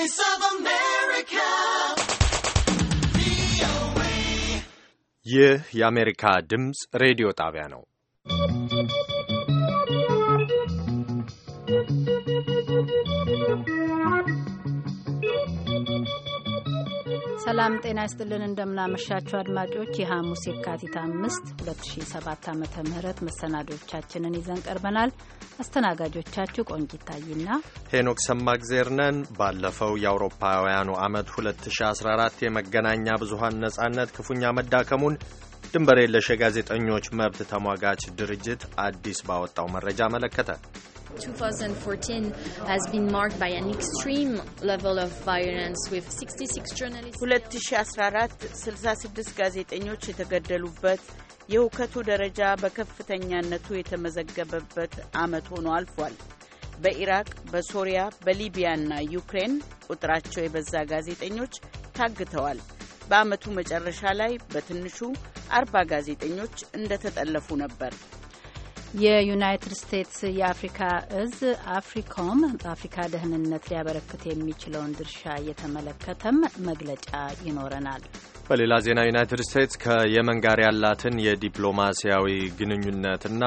Voice of America. ይህ የአሜሪካ ድምፅ ሬዲዮ ጣቢያ ነው። ሰላም ጤና ይስጥልን። እንደምናመሻችሁ አድማጮች የሐሙስ የካቲት አምስት 2007 ዓ ም መሰናዶቻችንን ይዘን ቀርበናል። አስተናጋጆቻችሁ ቆንጂት ታይና ሄኖክ ሰማግዜር ነን። ባለፈው የአውሮፓውያኑ ዓመት 2014 የመገናኛ ብዙሀን ነጻነት ክፉኛ መዳከሙን ድንበር የለሽ የጋዜጠኞች መብት ተሟጋች ድርጅት አዲስ ባወጣው መረጃ መለከተ። 2014 66 ጋዜጠኞች የተገደሉበት የውከቱ ደረጃ በከፍተኛነቱ የተመዘገበበት ዓመት ሆኖ አልፏል። በኢራቅ፣ በሶሪያ፣ በሊቢያና ዩክሬን ቁጥራቸው የበዛ ጋዜጠኞች ታግተዋል። በዓመቱ መጨረሻ ላይ በትንሹ አርባ ጋዜጠኞች እንደተጠለፉ ነበር። የዩናይትድ ስቴትስ የአፍሪካ እዝ አፍሪኮም በአፍሪካ ደህንነት ሊያበረክት የሚችለውን ድርሻ እየተመለከተም መግለጫ ይኖረናል። በሌላ ዜና ዩናይትድ ስቴትስ ከየመን ጋር ያላትን የዲፕሎማሲያዊ ግንኙነትና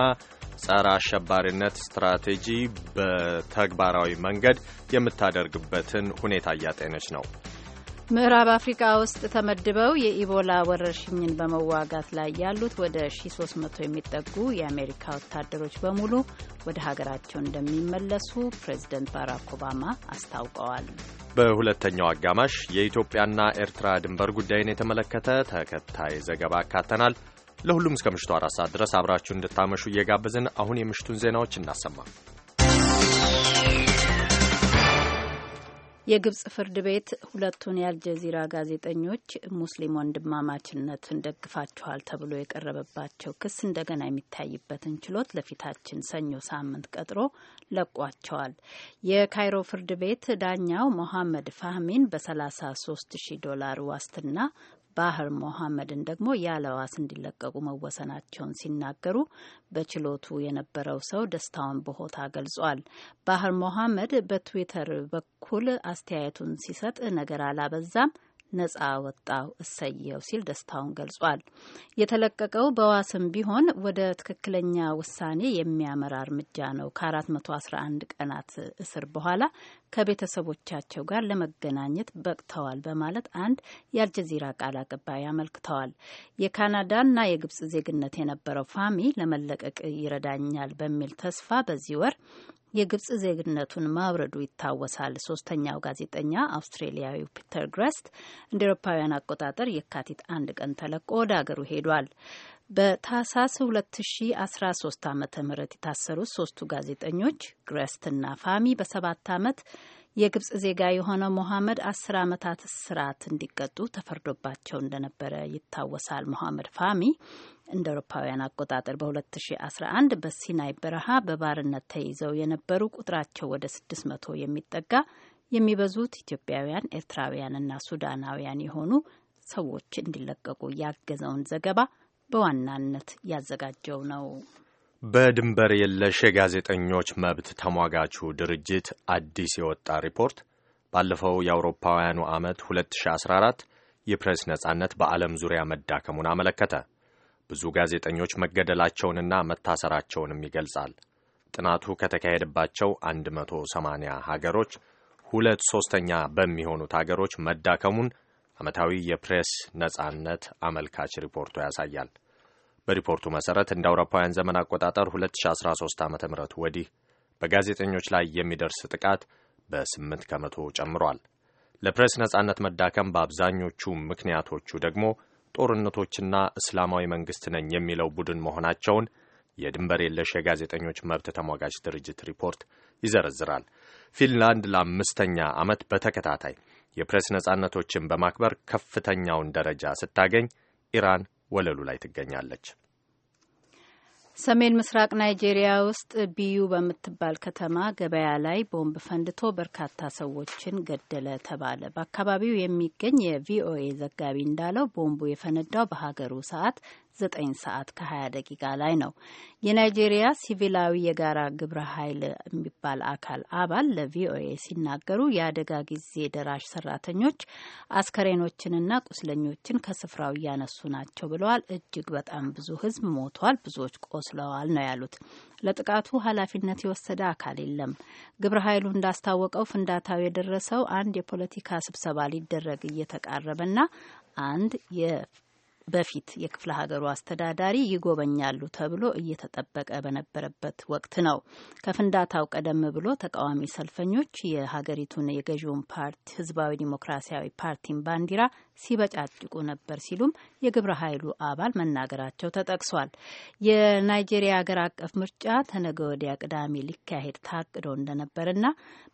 ጸረ አሸባሪነት ስትራቴጂ በተግባራዊ መንገድ የምታደርግበትን ሁኔታ እያጤነች ነው። ምዕራብ አፍሪካ ውስጥ ተመድበው የኢቦላ ወረርሽኝን በመዋጋት ላይ ያሉት ወደ 1300 የሚጠጉ የአሜሪካ ወታደሮች በሙሉ ወደ ሀገራቸው እንደሚመለሱ ፕሬዝደንት ባራክ ኦባማ አስታውቀዋል። በሁለተኛው አጋማሽ የኢትዮጵያና ኤርትራ ድንበር ጉዳይን የተመለከተ ተከታይ ዘገባ አካተናል። ለሁሉም እስከ ምሽቱ አራት ሰዓት ድረስ አብራችሁ እንድታመሹ እየጋበዝን አሁን የምሽቱን ዜናዎች እናሰማ። የግብጽ ፍርድ ቤት ሁለቱን የአልጀዚራ ጋዜጠኞች ሙስሊም ወንድማማችነትን ደግፋችኋል ተብሎ የቀረበባቸው ክስ እንደገና የሚታይበትን ችሎት ለፊታችን ሰኞ ሳምንት ቀጥሮ ለቋቸዋል። የካይሮ ፍርድ ቤት ዳኛው ሞሐመድ ፋህሚን በ33 ሺህ ዶላር ዋስትና ባህር ሞሐመድን ደግሞ ያለ ዋስ እንዲለቀቁ መወሰናቸውን ሲናገሩ በችሎቱ የነበረው ሰው ደስታውን በሆታ ገልጿል። ባህር ሞሐመድ በትዊተር በኩል አስተያየቱን ሲሰጥ ነገር አላበዛም ነጻ ወጣው እሰየው ሲል ደስታውን ገልጿል። የተለቀቀው በዋስም ቢሆን ወደ ትክክለኛ ውሳኔ የሚያመራ እርምጃ ነው። ከ411 ቀናት እስር በኋላ ከቤተሰቦቻቸው ጋር ለመገናኘት በቅተዋል በማለት አንድ የአልጀዚራ ቃል አቀባይ አመልክተዋል። የካናዳና የግብጽ ዜግነት የነበረው ፋሚ ለመለቀቅ ይረዳኛል በሚል ተስፋ በዚህ ወር የግብጽ ዜግነቱን ማውረዱ ይታወሳል። ሶስተኛው ጋዜጠኛ አውስትሬሊያዊው ፒተር ግረስት እንደ ኤሮፓውያን አቆጣጠር የካቲት አንድ ቀን ተለቆ ወደ አገሩ ሄዷል። በታህሳስ 2013 ዓ ም የታሰሩት ሶስቱ ጋዜጠኞች ግረስትና ፋሚ በሰባት ዓመት የግብጽ ዜጋ የሆነ ሞሐመድ አስር ዓመታት እስራት እንዲቀጡ ተፈርዶባቸው እንደነበረ ይታወሳል። ሞሐመድ ፋሚ እንደ አውሮፓውያን አቆጣጠር በ2011 በሲናይ በረሃ በባርነት ተይዘው የነበሩ ቁጥራቸው ወደ 600 የሚጠጋ የሚበዙት ኢትዮጵያውያን፣ ኤርትራውያንና ሱዳናውያን የሆኑ ሰዎች እንዲለቀቁ ያገዘውን ዘገባ በዋናነት ያዘጋጀው ነው። በድንበር የለሽ የጋዜጠኞች መብት ተሟጋቹ ድርጅት አዲስ የወጣ ሪፖርት ባለፈው የአውሮፓውያኑ ዓመት 2014 የፕሬስ ነጻነት በዓለም ዙሪያ መዳከሙን አመለከተ። ብዙ ጋዜጠኞች መገደላቸውንና መታሰራቸውንም ይገልጻል። ጥናቱ ከተካሄደባቸው 180 ሀገሮች ሁለት ሶስተኛ በሚሆኑት ሀገሮች መዳከሙን ዓመታዊ የፕሬስ ነጻነት አመልካች ሪፖርቱ ያሳያል። በሪፖርቱ መሠረት እንደ አውሮፓውያን ዘመን አቆጣጠር 2013 ዓ ም ወዲህ በጋዜጠኞች ላይ የሚደርስ ጥቃት በ8 ከመቶ ጨምሯል። ለፕሬስ ነጻነት መዳከም በአብዛኞቹ ምክንያቶቹ ደግሞ ጦርነቶችና እስላማዊ መንግስት ነኝ የሚለው ቡድን መሆናቸውን የድንበር የለሽ የጋዜጠኞች መብት ተሟጋች ድርጅት ሪፖርት ይዘረዝራል። ፊንላንድ ለአምስተኛ ዓመት በተከታታይ የፕሬስ ነጻነቶችን በማክበር ከፍተኛውን ደረጃ ስታገኝ ኢራን ወለሉ ላይ ትገኛለች። ሰሜን ምስራቅ ናይጄሪያ ውስጥ ቢዩ በምትባል ከተማ ገበያ ላይ ቦምብ ፈንድቶ በርካታ ሰዎችን ገደለ ተባለ። በአካባቢው የሚገኝ የቪኦኤ ዘጋቢ እንዳለው ቦምቡ የፈነዳው በሀገሩ ሰዓት ዘ9 ሰዓት ከ20 ደቂቃ ላይ ነው። የናይጄሪያ ሲቪላዊ የጋራ ግብረ ኃይል የሚባል አካል አባል ለቪኦኤ ሲናገሩ የአደጋ ጊዜ ደራሽ ሰራተኞች አስከሬኖችንና ቁስለኞችን ከስፍራው እያነሱ ናቸው ብለዋል። እጅግ በጣም ብዙ ሕዝብ ሞቷል፣ ብዙዎች ቆስለዋል ነው ያሉት። ለጥቃቱ ኃላፊነት የወሰደ አካል የለም። ግብረ ኃይሉ እንዳስታወቀው ፍንዳታው የደረሰው አንድ የፖለቲካ ስብሰባ ሊደረግ እየተቃረበና አንድ በፊት የክፍለ ሀገሩ አስተዳዳሪ ይጎበኛሉ ተብሎ እየተጠበቀ በነበረበት ወቅት ነው። ከፍንዳታው ቀደም ብሎ ተቃዋሚ ሰልፈኞች የሀገሪቱን የገዢውን ፓርቲ ህዝባዊ ዲሞክራሲያዊ ፓርቲን ባንዲራ ሲበጫጭቁ ነበር ሲሉም የግብረ ኃይሉ አባል መናገራቸው ተጠቅሷል። የናይጄሪያ ሀገር አቀፍ ምርጫ ተነገ ወዲያ ቅዳሜ ሊካሄድ ታቅዶ እንደነበርና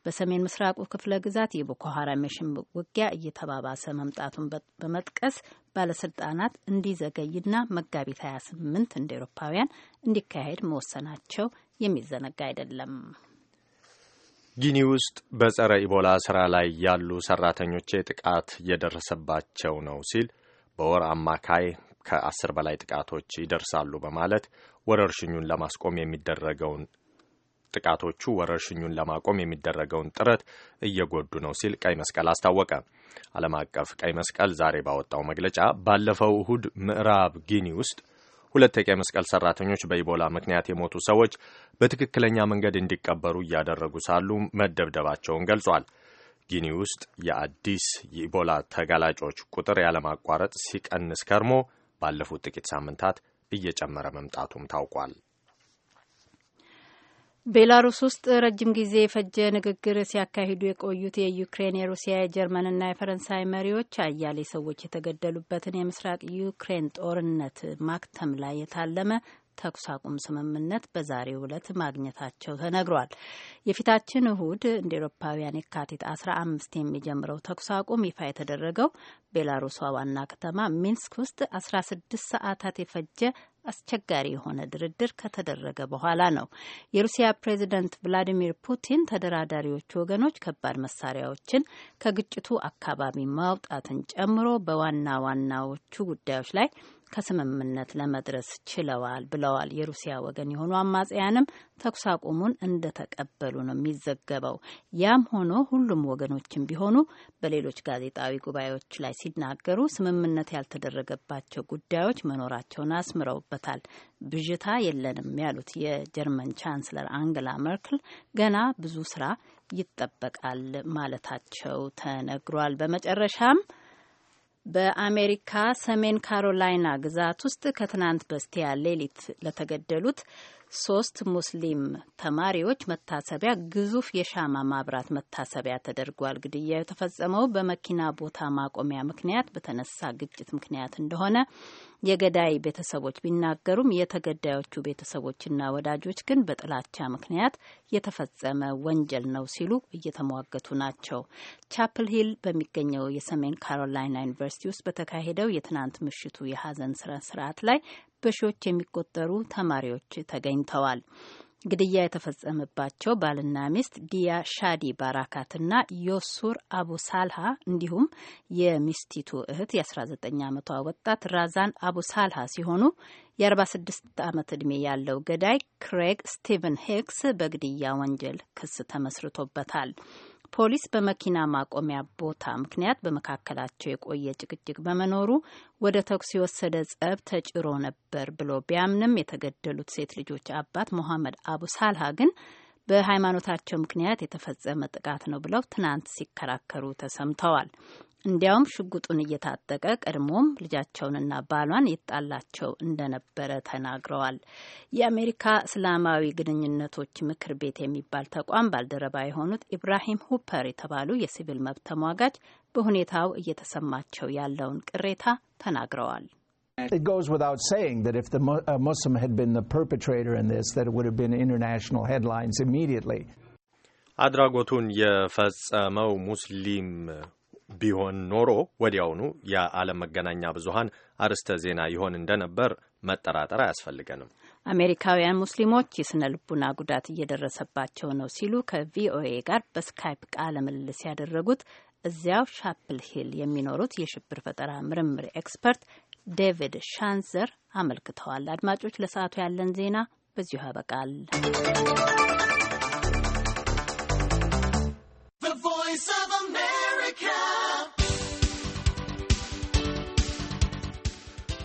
በሰሜን ምስራቁ ክፍለ ግዛት የቦኮ ሀራም የሽምቅ ውጊያ እየተባባሰ መምጣቱን በመጥቀስ ባለስልጣናት እንዲዘገይና መጋቢት 28 እንደ ኤሮፓውያን እንዲካሄድ መወሰናቸው የሚዘነጋ አይደለም። ጊኒ ውስጥ በጸረ ኢቦላ ስራ ላይ ያሉ ሰራተኞቼ ጥቃት እየደረሰባቸው ነው ሲል በወር አማካይ ከአስር በላይ ጥቃቶች ይደርሳሉ በማለት ወረርሽኙን ለማስቆም የሚደረገውን ጥቃቶቹ ወረርሽኙን ለማቆም የሚደረገውን ጥረት እየጎዱ ነው ሲል ቀይ መስቀል አስታወቀ። ዓለም አቀፍ ቀይ መስቀል ዛሬ ባወጣው መግለጫ ባለፈው እሁድ ምዕራብ ጊኒ ውስጥ ሁለት የቀይ መስቀል ሰራተኞች በኢቦላ ምክንያት የሞቱ ሰዎች በትክክለኛ መንገድ እንዲቀበሩ እያደረጉ ሳሉ መደብደባቸውን ገልጿል። ጊኒ ውስጥ የአዲስ የኢቦላ ተጋላጮች ቁጥር ያለማቋረጥ ሲቀንስ ከርሞ ባለፉት ጥቂት ሳምንታት እየጨመረ መምጣቱም ታውቋል። ቤላሩስ ውስጥ ረጅም ጊዜ የፈጀ ንግግር ሲያካሂዱ የቆዩት የዩክሬን የሩሲያ የጀርመንና የፈረንሳይ መሪዎች አያሌ ሰዎች የተገደሉበትን የምስራቅ ዩክሬን ጦርነት ማክተም ላይ የታለመ ተኩስ አቁም ስምምነት በዛሬው ዕለት ማግኘታቸው ተነግሯል። የፊታችን እሁድ እንደ ኤሮፓውያን የካቲት አስራ አምስት የሚጀምረው ተኩስ አቁም ይፋ የተደረገው ቤላሩሷ ዋና ከተማ ሚንስክ ውስጥ አስራ ስድስት ሰዓታት የፈጀ አስቸጋሪ የሆነ ድርድር ከተደረገ በኋላ ነው። የሩሲያ ፕሬዚደንት ቭላዲሚር ፑቲን ተደራዳሪዎቹ ወገኖች ከባድ መሳሪያዎችን ከግጭቱ አካባቢ ማውጣትን ጨምሮ በዋና ዋናዎቹ ጉዳዮች ላይ ከስምምነት ለመድረስ ችለዋል ብለዋል። የሩሲያ ወገን የሆኑ አማጽያንም ተኩስ አቁሙን እንደተቀበሉ ነው የሚዘገበው። ያም ሆኖ ሁሉም ወገኖችም ቢሆኑ በሌሎች ጋዜጣዊ ጉባኤዎች ላይ ሲናገሩ ስምምነት ያልተደረገባቸው ጉዳዮች መኖራቸውን አስምረውበታል። ብዥታ የለንም ያሉት የጀርመን ቻንስለር አንገላ መርክል ገና ብዙ ስራ ይጠበቃል ማለታቸው ተነግሯል። በመጨረሻም በአሜሪካ ሰሜን ካሮላይና ግዛት ውስጥ ከትናንት በስቲያ ሌሊት ለተገደሉት ሶስት ሙስሊም ተማሪዎች መታሰቢያ ግዙፍ የሻማ ማብራት መታሰቢያ ተደርጓል። ግድያ የተፈጸመው በመኪና ቦታ ማቆሚያ ምክንያት በተነሳ ግጭት ምክንያት እንደሆነ የገዳይ ቤተሰቦች ቢናገሩም የተገዳዮቹ ቤተሰቦችና ወዳጆች ግን በጥላቻ ምክንያት የተፈጸመ ወንጀል ነው ሲሉ እየተሟገቱ ናቸው። ቻፕል ሂል በሚገኘው የሰሜን ካሮላይና ዩኒቨርሲቲ ውስጥ በተካሄደው የትናንት ምሽቱ የሀዘን ስነ ስርዓት ላይ በሺዎች የሚቆጠሩ ተማሪዎች ተገኝተዋል። ግድያ የተፈጸመባቸው ባልና ሚስት ዲያ ሻዲ ባራካትና ዮሱር አቡ ሳልሃ እንዲሁም የሚስቲቱ እህት የ19 ዓመቷ ወጣት ራዛን አቡ ሳልሃ ሲሆኑ የ46 ዓመት ዕድሜ ያለው ገዳይ ክሬግ ስቲቨን ሄክስ በግድያ ወንጀል ክስ ተመስርቶበታል። ፖሊስ በመኪና ማቆሚያ ቦታ ምክንያት በመካከላቸው የቆየ ጭቅጭቅ በመኖሩ ወደ ተኩስ የወሰደ ጸብ ተጭሮ ነበር ብሎ ቢያምንም የተገደሉት ሴት ልጆች አባት ሞሐመድ አቡ ሳልሃ ግን በሃይማኖታቸው ምክንያት የተፈጸመ ጥቃት ነው ብለው ትናንት ሲከራከሩ ተሰምተዋል። እንዲያውም ሽጉጡን እየታጠቀ ቀድሞም ልጃቸውንና ባሏን የጣላቸው እንደነበረ ተናግረዋል። የአሜሪካ እስላማዊ ግንኙነቶች ምክር ቤት የሚባል ተቋም ባልደረባ የሆኑት ኢብራሂም ሁፐር የተባሉ የሲቪል መብት ተሟጋች በሁኔታው እየተሰማቸው ያለውን ቅሬታ ተናግረዋል። It goes without saying that if the uh, Muslim had been the perpetrator in this, that it would have been international headlines immediately. አድራጎቱን የፈጸመው ሙስሊም ቢሆን ኖሮ ወዲያውኑ የዓለም መገናኛ ብዙሃን አርዕስተ ዜና ይሆን እንደነበር መጠራጠር አያስፈልገንም። አሜሪካውያን ሙስሊሞች የስነ ልቡና ጉዳት እየደረሰባቸው ነው ሲሉ ከቪኦኤ ጋር በስካይፕ ቃለ ምልልስ ያደረጉት እዚያው ሻፕል ሂል የሚኖሩት የሽብር ፈጠራ ምርምር ኤክስፐርት ዴቪድ ሻንዘር አመልክተዋል። አድማጮች፣ ለሰዓቱ ያለን ዜና በዚሁ ያበቃል። ቮይስ ኦፍ አሜሪካ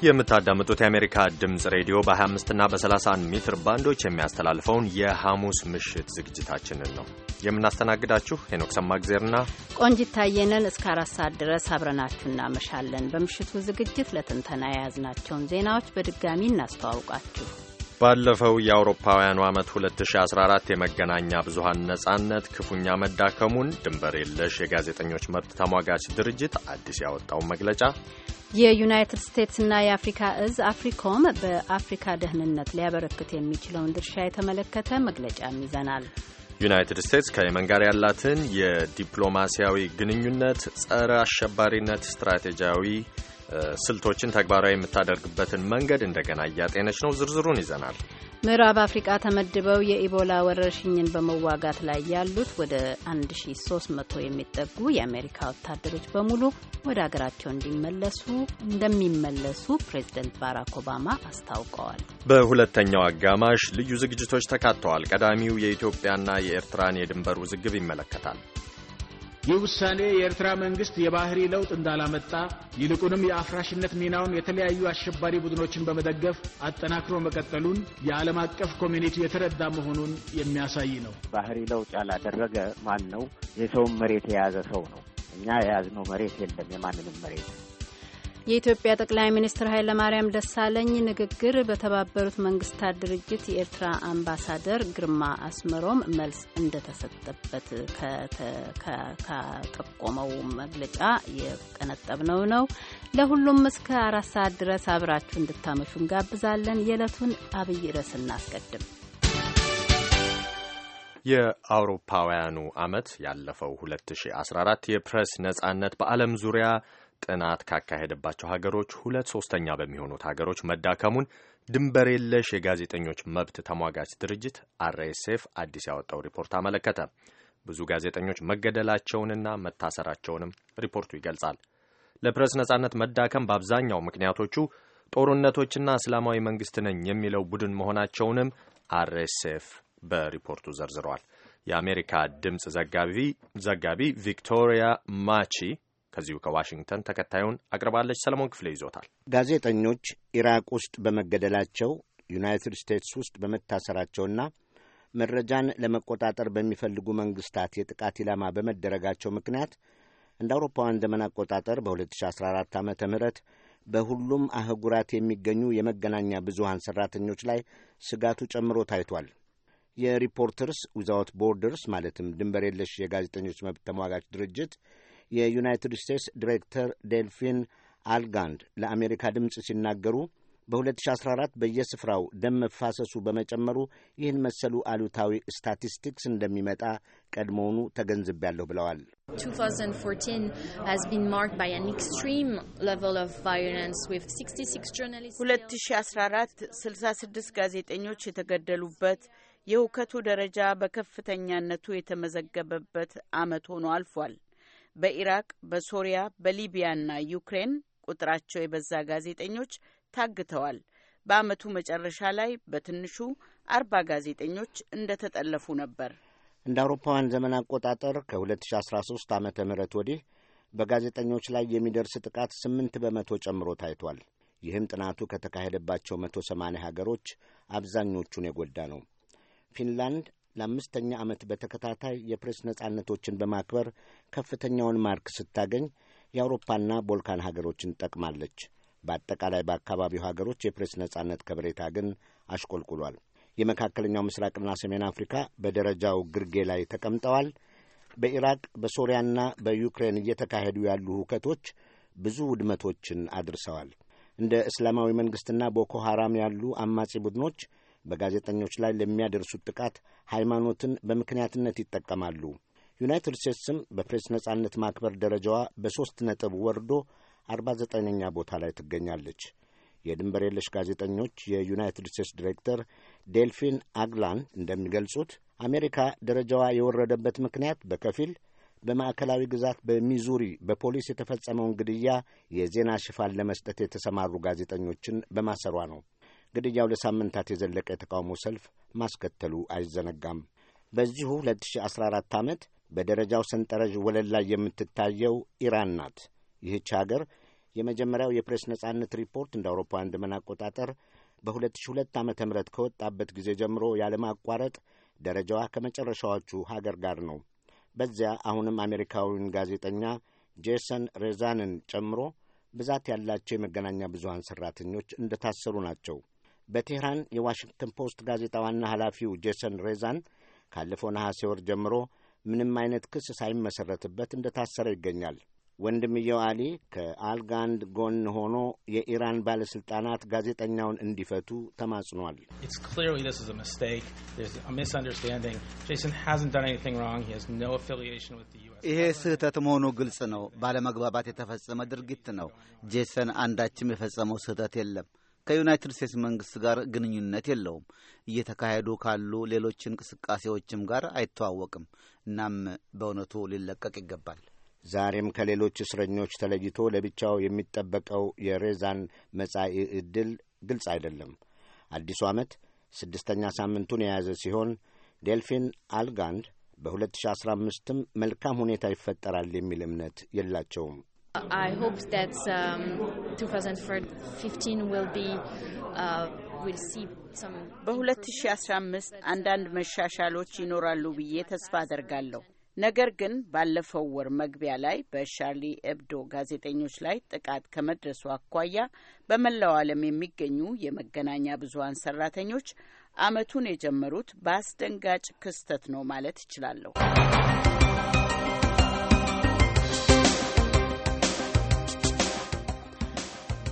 የምታዳምጡት የአሜሪካ ድምፅ ሬዲዮ በ25 እና በ31 ሜትር ባንዶች የሚያስተላልፈውን የሐሙስ ምሽት ዝግጅታችንን ነው የምናስተናግዳችሁ። ሄኖክ ሰማግዜርና ቆንጂት ታየ እስከ አራት ሰዓት ድረስ አብረናችሁ እናመሻለን። በምሽቱ ዝግጅት ለትንተና የያዝናቸውን ዜናዎች በድጋሚ እናስተዋውቃችሁ። ባለፈው የአውሮፓውያኑ ዓመት 2014 የመገናኛ ብዙሃን ነጻነት ክፉኛ መዳከሙን ድንበር የለሽ የጋዜጠኞች መብት ተሟጋች ድርጅት አዲስ ያወጣውን መግለጫ የዩናይትድ ስቴትስና የአፍሪካ እዝ አፍሪኮም በአፍሪካ ደህንነት ሊያበረክት የሚችለውን ድርሻ የተመለከተ መግለጫም ይዘናል። ዩናይትድ ስቴትስ ከየመን ጋር ያላትን የዲፕሎማሲያዊ ግንኙነት ጸረ አሸባሪነት ስትራቴጂያዊ ስልቶችን ተግባራዊ የምታደርግበትን መንገድ እንደገና እያጤነች ነው። ዝርዝሩን ይዘናል። ምዕራብ አፍሪቃ ተመድበው የኢቦላ ወረርሽኝን በመዋጋት ላይ ያሉት ወደ 1300 የሚጠጉ የአሜሪካ ወታደሮች በሙሉ ወደ አገራቸው እንዲመለሱ እንደሚመለሱ ፕሬዝደንት ባራክ ኦባማ አስታውቀዋል። በሁለተኛው አጋማሽ ልዩ ዝግጅቶች ተካተዋል። ቀዳሚው የኢትዮጵያና የኤርትራን የድንበር ውዝግብ ይመለከታል። ይህ ውሳኔ የኤርትራ መንግስት የባህሪ ለውጥ እንዳላመጣ ይልቁንም የአፍራሽነት ሚናውን የተለያዩ አሸባሪ ቡድኖችን በመደገፍ አጠናክሮ መቀጠሉን የዓለም አቀፍ ኮሚኒቲ የተረዳ መሆኑን የሚያሳይ ነው። ባህሪ ለውጥ ያላደረገ ማን ነው? የሰውን መሬት የያዘ ሰው ነው። እኛ የያዝነው መሬት የለም፣ የማንንም መሬት የኢትዮጵያ ጠቅላይ ሚኒስትር ኃይለማርያም ደሳለኝ ንግግር በተባበሩት መንግስታት ድርጅት የኤርትራ አምባሳደር ግርማ አስመሮም መልስ እንደተሰጠበት ከጠቆመው መግለጫ የቀነጠብነው ነው። ለሁሉም እስከ አራት ሰዓት ድረስ አብራችሁ እንድታመሹ እንጋብዛለን። የዕለቱን አብይ ርዕስ እናስቀድም። የአውሮፓውያኑ አመት ያለፈው 2014 የፕሬስ ነጻነት በዓለም ዙሪያ ጥናት ካካሄደባቸው ሀገሮች ሁለት ሶስተኛ በሚሆኑት ሀገሮች መዳከሙን ድንበር የለሽ የጋዜጠኞች መብት ተሟጋች ድርጅት አርኤስኤፍ አዲስ ያወጣው ሪፖርት አመለከተ። ብዙ ጋዜጠኞች መገደላቸውንና መታሰራቸውንም ሪፖርቱ ይገልጻል። ለፕሬስ ነጻነት መዳከም በአብዛኛው ምክንያቶቹ ጦርነቶችና እስላማዊ መንግስት ነኝ የሚለው ቡድን መሆናቸውንም አርኤስኤፍ በሪፖርቱ ዘርዝረዋል። የአሜሪካ ድምፅ ዘጋቢ ቪክቶሪያ ማቺ ከዚሁ ከዋሽንግተን ተከታዩን አቅርባለች። ሰለሞን ክፍሌ ይዞታል። ጋዜጠኞች ኢራቅ ውስጥ በመገደላቸው ዩናይትድ ስቴትስ ውስጥ በመታሰራቸውና መረጃን ለመቆጣጠር በሚፈልጉ መንግስታት የጥቃት ኢላማ በመደረጋቸው ምክንያት እንደ አውሮፓውያን ዘመን አቆጣጠር በ2014 ዓ ም በሁሉም አህጉራት የሚገኙ የመገናኛ ብዙሃን ሠራተኞች ላይ ስጋቱ ጨምሮ ታይቷል። የሪፖርተርስ ዊዛውት ቦርደርስ ማለትም ድንበር የለሽ የጋዜጠኞች መብት ተሟጋች ድርጅት የዩናይትድ ስቴትስ ዲሬክተር ዴልፊን አልጋንድ ለአሜሪካ ድምፅ ሲናገሩ በ2014 በየስፍራው ደም መፋሰሱ በመጨመሩ ይህን መሰሉ አሉታዊ ስታቲስቲክስ እንደሚመጣ ቀድሞውኑ ተገንዝቤያለሁ ብለዋል። 2014 66 ጋዜጠኞች የተገደሉበት የውከቱ ደረጃ በከፍተኛነቱ የተመዘገበበት ዓመት ሆኖ አልፏል። በኢራቅ፣ በሶሪያ፣ በሊቢያና ዩክሬን ቁጥራቸው የበዛ ጋዜጠኞች ታግተዋል። በአመቱ መጨረሻ ላይ በትንሹ አርባ ጋዜጠኞች እንደተጠለፉ ነበር። እንደ አውሮፓውያን ዘመን አቆጣጠር ከ2013 ዓ ም ወዲህ በጋዜጠኞች ላይ የሚደርስ ጥቃት ስምንት በመቶ ጨምሮ ታይቷል። ይህም ጥናቱ ከተካሄደባቸው መቶ 8 ሀገሮች አብዛኞቹን የጎዳ ነው። ፊንላንድ ለአምስተኛ ዓመት በተከታታይ የፕሬስ ነጻነቶችን በማክበር ከፍተኛውን ማርክ ስታገኝ የአውሮፓና ቦልካን ሀገሮችን ጠቅማለች። በአጠቃላይ በአካባቢው ሀገሮች የፕሬስ ነጻነት ከበሬታ ግን አሽቆልቁሏል። የመካከለኛው ምስራቅና ሰሜን አፍሪካ በደረጃው ግርጌ ላይ ተቀምጠዋል። በኢራቅ በሶሪያና በዩክሬን እየተካሄዱ ያሉ ሁከቶች ብዙ ውድመቶችን አድርሰዋል። እንደ እስላማዊ መንግሥትና ቦኮ ሐራም ያሉ አማጺ ቡድኖች በጋዜጠኞች ላይ ለሚያደርሱት ጥቃት ሃይማኖትን በምክንያትነት ይጠቀማሉ። ዩናይትድ ስቴትስም በፕሬስ ነጻነት ማክበር ደረጃዋ በሦስት ነጥብ ወርዶ አርባ ዘጠነኛ ቦታ ላይ ትገኛለች። የድንበር የለሽ ጋዜጠኞች የዩናይትድ ስቴትስ ዲሬክተር ዴልፊን አግላን እንደሚገልጹት አሜሪካ ደረጃዋ የወረደበት ምክንያት በከፊል በማዕከላዊ ግዛት በሚዙሪ በፖሊስ የተፈጸመውን ግድያ የዜና ሽፋን ለመስጠት የተሰማሩ ጋዜጠኞችን በማሰሯ ነው። ግድያው ለሳምንታት የዘለቀ የተቃውሞ ሰልፍ ማስከተሉ አይዘነጋም። በዚሁ 2014 ዓመት በደረጃው ሰንጠረዥ ወለል ላይ የምትታየው ኢራን ናት። ይህች አገር የመጀመሪያው የፕሬስ ነጻነት ሪፖርት እንደ አውሮፓውያን ዘመን አቆጣጠር በ2002 ዓ ም ከወጣበት ጊዜ ጀምሮ ያለማቋረጥ ደረጃዋ ከመጨረሻዎቹ ሀገር ጋር ነው። በዚያ አሁንም አሜሪካዊውን ጋዜጠኛ ጄሰን ሬዛንን ጨምሮ ብዛት ያላቸው የመገናኛ ብዙሀን ሠራተኞች እንደታሰሩ ናቸው። በቴህራን የዋሽንግተን ፖስት ጋዜጣ ዋና ኃላፊው ጄሰን ሬዛን ካለፈው ነሐሴ ወር ጀምሮ ምንም አይነት ክስ ሳይመሰረትበት እንደታሰረ ይገኛል። ወንድምየው አሊ ከአልጋንድ ጎን ሆኖ የኢራን ባለሥልጣናት ጋዜጠኛውን እንዲፈቱ ተማጽኗል። ይሄ ስህተት መሆኑ ግልጽ ነው። ባለመግባባት የተፈጸመ ድርጊት ነው። ጄሰን አንዳችም የፈጸመው ስህተት የለም። ከዩናይትድ ስቴትስ መንግስት ጋር ግንኙነት የለውም። እየተካሄዱ ካሉ ሌሎች እንቅስቃሴዎችም ጋር አይተዋወቅም። እናም በእውነቱ ሊለቀቅ ይገባል። ዛሬም ከሌሎች እስረኞች ተለይቶ ለብቻው የሚጠበቀው የሬዛን መጻኢ ዕድል ግልጽ አይደለም። አዲሱ ዓመት ስድስተኛ ሳምንቱን የያዘ ሲሆን ዴልፊን አልጋንድ በ2015ም መልካም ሁኔታ ይፈጠራል የሚል እምነት የላቸውም። I hope that um, 2015 will be uh, we'll see some በ2015 አንዳንድ መሻሻሎች ይኖራሉ ብዬ ተስፋ አደርጋለሁ። ነገር ግን ባለፈው ወር መግቢያ ላይ በሻርሊ ኤብዶ ጋዜጠኞች ላይ ጥቃት ከመድረሱ አኳያ በመላው ዓለም የሚገኙ የመገናኛ ብዙሀን ሰራተኞች አመቱን የጀመሩት በአስደንጋጭ ክስተት ነው ማለት እችላለሁ።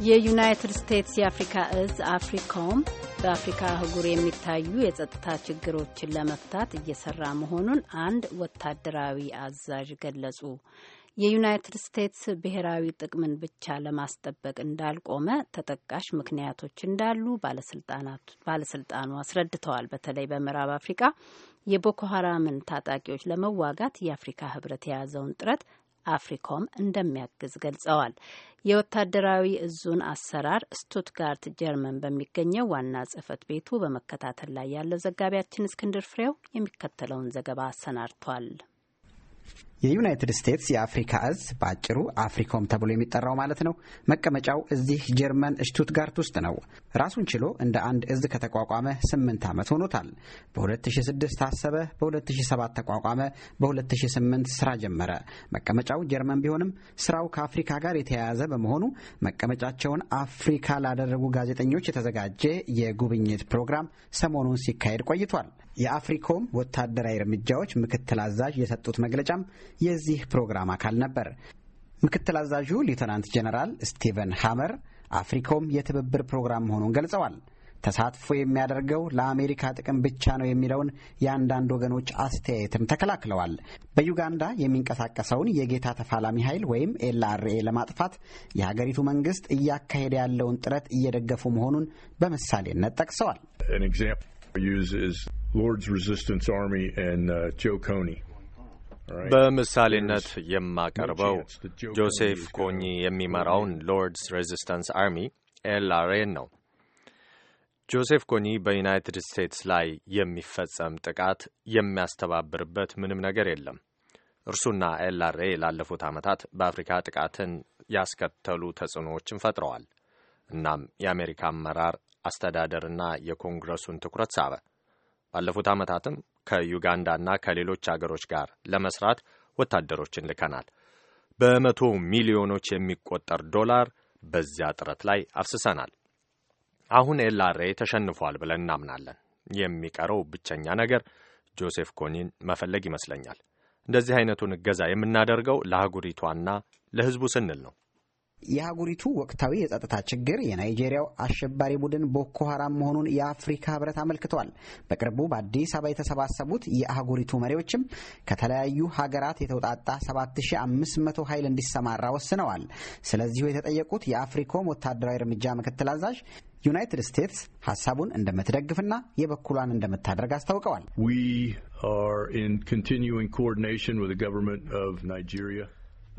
የዩናይትድ ስቴትስ የአፍሪካ እዝ አፍሪኮም በአፍሪካ አህጉር የሚታዩ የጸጥታ ችግሮችን ለመፍታት እየሰራ መሆኑን አንድ ወታደራዊ አዛዥ ገለጹ። የዩናይትድ ስቴትስ ብሔራዊ ጥቅምን ብቻ ለማስጠበቅ እንዳልቆመ ተጠቃሽ ምክንያቶች እንዳሉ ባለስልጣኑ አስረድተዋል። በተለይ በምዕራብ አፍሪካ የቦኮ ሀራምን ታጣቂዎች ለመዋጋት የአፍሪካ ህብረት የያዘውን ጥረት አፍሪኮም እንደሚያግዝ ገልጸዋል። የወታደራዊ እዙን አሰራር ስቱትጋርት ጀርመን በሚገኘው ዋና ጽህፈት ቤቱ በመከታተል ላይ ያለው ዘጋቢያችን እስክንድር ፍሬው የሚከተለውን ዘገባ አሰናድቷል። የዩናይትድ ስቴትስ የአፍሪካ እዝ በአጭሩ አፍሪኮም ተብሎ የሚጠራው ማለት ነው። መቀመጫው እዚህ ጀርመን ሽቱትጋርት ውስጥ ነው። ራሱን ችሎ እንደ አንድ እዝ ከተቋቋመ ስምንት ዓመት ሆኖታል። በ2006 ታሰበ፣ በ2007 ተቋቋመ፣ በ2008 ስራ ጀመረ። መቀመጫው ጀርመን ቢሆንም ስራው ከአፍሪካ ጋር የተያያዘ በመሆኑ መቀመጫቸውን አፍሪካ ላደረጉ ጋዜጠኞች የተዘጋጀ የጉብኝት ፕሮግራም ሰሞኑን ሲካሄድ ቆይቷል። የአፍሪኮም ወታደራዊ እርምጃዎች ምክትል አዛዥ የሰጡት መግለጫም የዚህ ፕሮግራም አካል ነበር። ምክትል አዛዡ ሊውተናንት ጀነራል ስቲቨን ሃመር አፍሪኮም የትብብር ፕሮግራም መሆኑን ገልጸዋል። ተሳትፎ የሚያደርገው ለአሜሪካ ጥቅም ብቻ ነው የሚለውን የአንዳንድ ወገኖች አስተያየትም ተከላክለዋል። በዩጋንዳ የሚንቀሳቀሰውን የጌታ ተፋላሚ ኃይል ወይም ኤልአርኤ ለማጥፋት የሀገሪቱ መንግስት እያካሄደ ያለውን ጥረት እየደገፉ መሆኑን በምሳሌነት ጠቅሰዋል። Lord's Resistance Army and uh, Joe Coney. በምሳሌነት የማቀርበው ጆሴፍ ኮኒ የሚመራውን ሎርድስ ሬዚስታንስ አርሚ ኤልአርኤን ነው። ጆሴፍ ኮኒ በዩናይትድ ስቴትስ ላይ የሚፈጸም ጥቃት የሚያስተባብርበት ምንም ነገር የለም። እርሱና ኤልአርኤ ላለፉት ዓመታት በአፍሪካ ጥቃትን ያስከተሉ ተጽዕኖዎችን ፈጥረዋል። እናም የአሜሪካ አመራር አስተዳደርና የኮንግረሱን ትኩረት ሳበ። ባለፉት ዓመታትም ከዩጋንዳና ከሌሎች አገሮች ጋር ለመስራት ወታደሮችን ልከናል። በመቶ ሚሊዮኖች የሚቆጠር ዶላር በዚያ ጥረት ላይ አፍስሰናል። አሁን ኤልአርኤ ተሸንፏል ብለን እናምናለን። የሚቀረው ብቸኛ ነገር ጆሴፍ ኮኒን መፈለግ ይመስለኛል። እንደዚህ አይነቱን እገዛ የምናደርገው ለአህጉሪቷና ለሕዝቡ ስንል ነው። የአህጉሪቱ ወቅታዊ የጸጥታ ችግር የናይጄሪያው አሸባሪ ቡድን ቦኮ ሀራም መሆኑን የአፍሪካ ህብረት አመልክቷል። በቅርቡ በአዲስ አበባ የተሰባሰቡት የአህጉሪቱ መሪዎችም ከተለያዩ ሀገራት የተውጣጣ 7500 ኃይል እንዲሰማራ ወስነዋል። ስለዚሁ የተጠየቁት የአፍሪኮም ወታደራዊ እርምጃ ምክትል አዛዥ ዩናይትድ ስቴትስ ሀሳቡን እንደምትደግፍና የበኩሏን እንደምታደርግ አስታውቀዋል።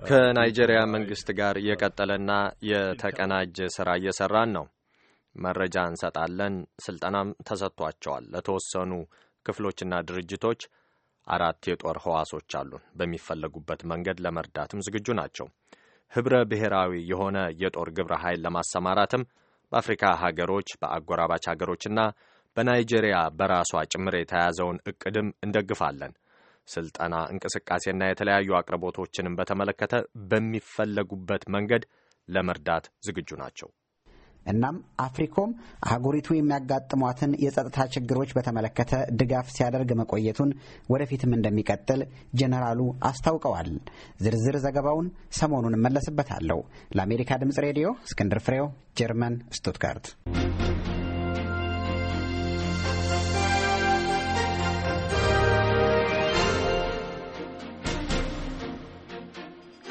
ከናይጄሪያ መንግስት ጋር የቀጠለና የተቀናጀ ስራ እየሰራን ነው። መረጃ እንሰጣለን። ስልጠናም ተሰጥቷቸዋል። ለተወሰኑ ክፍሎችና ድርጅቶች አራት የጦር ህዋሶች አሉን። በሚፈለጉበት መንገድ ለመርዳትም ዝግጁ ናቸው። ህብረ ብሔራዊ የሆነ የጦር ግብረ ኃይል ለማሰማራትም በአፍሪካ ሀገሮች፣ በአጎራባች ሀገሮችና በናይጄሪያ በራሷ ጭምር የተያዘውን እቅድም እንደግፋለን። ስልጠና እንቅስቃሴና የተለያዩ አቅርቦቶችንም በተመለከተ በሚፈለጉበት መንገድ ለመርዳት ዝግጁ ናቸው። እናም አፍሪኮም አህጉሪቱ የሚያጋጥሟትን የጸጥታ ችግሮች በተመለከተ ድጋፍ ሲያደርግ መቆየቱን ወደፊትም እንደሚቀጥል ጀነራሉ አስታውቀዋል። ዝርዝር ዘገባውን ሰሞኑን እመለስበታለሁ። ለአሜሪካ ድምጽ ሬዲዮ እስክንድር ፍሬው፣ ጀርመን ስቱትጋርት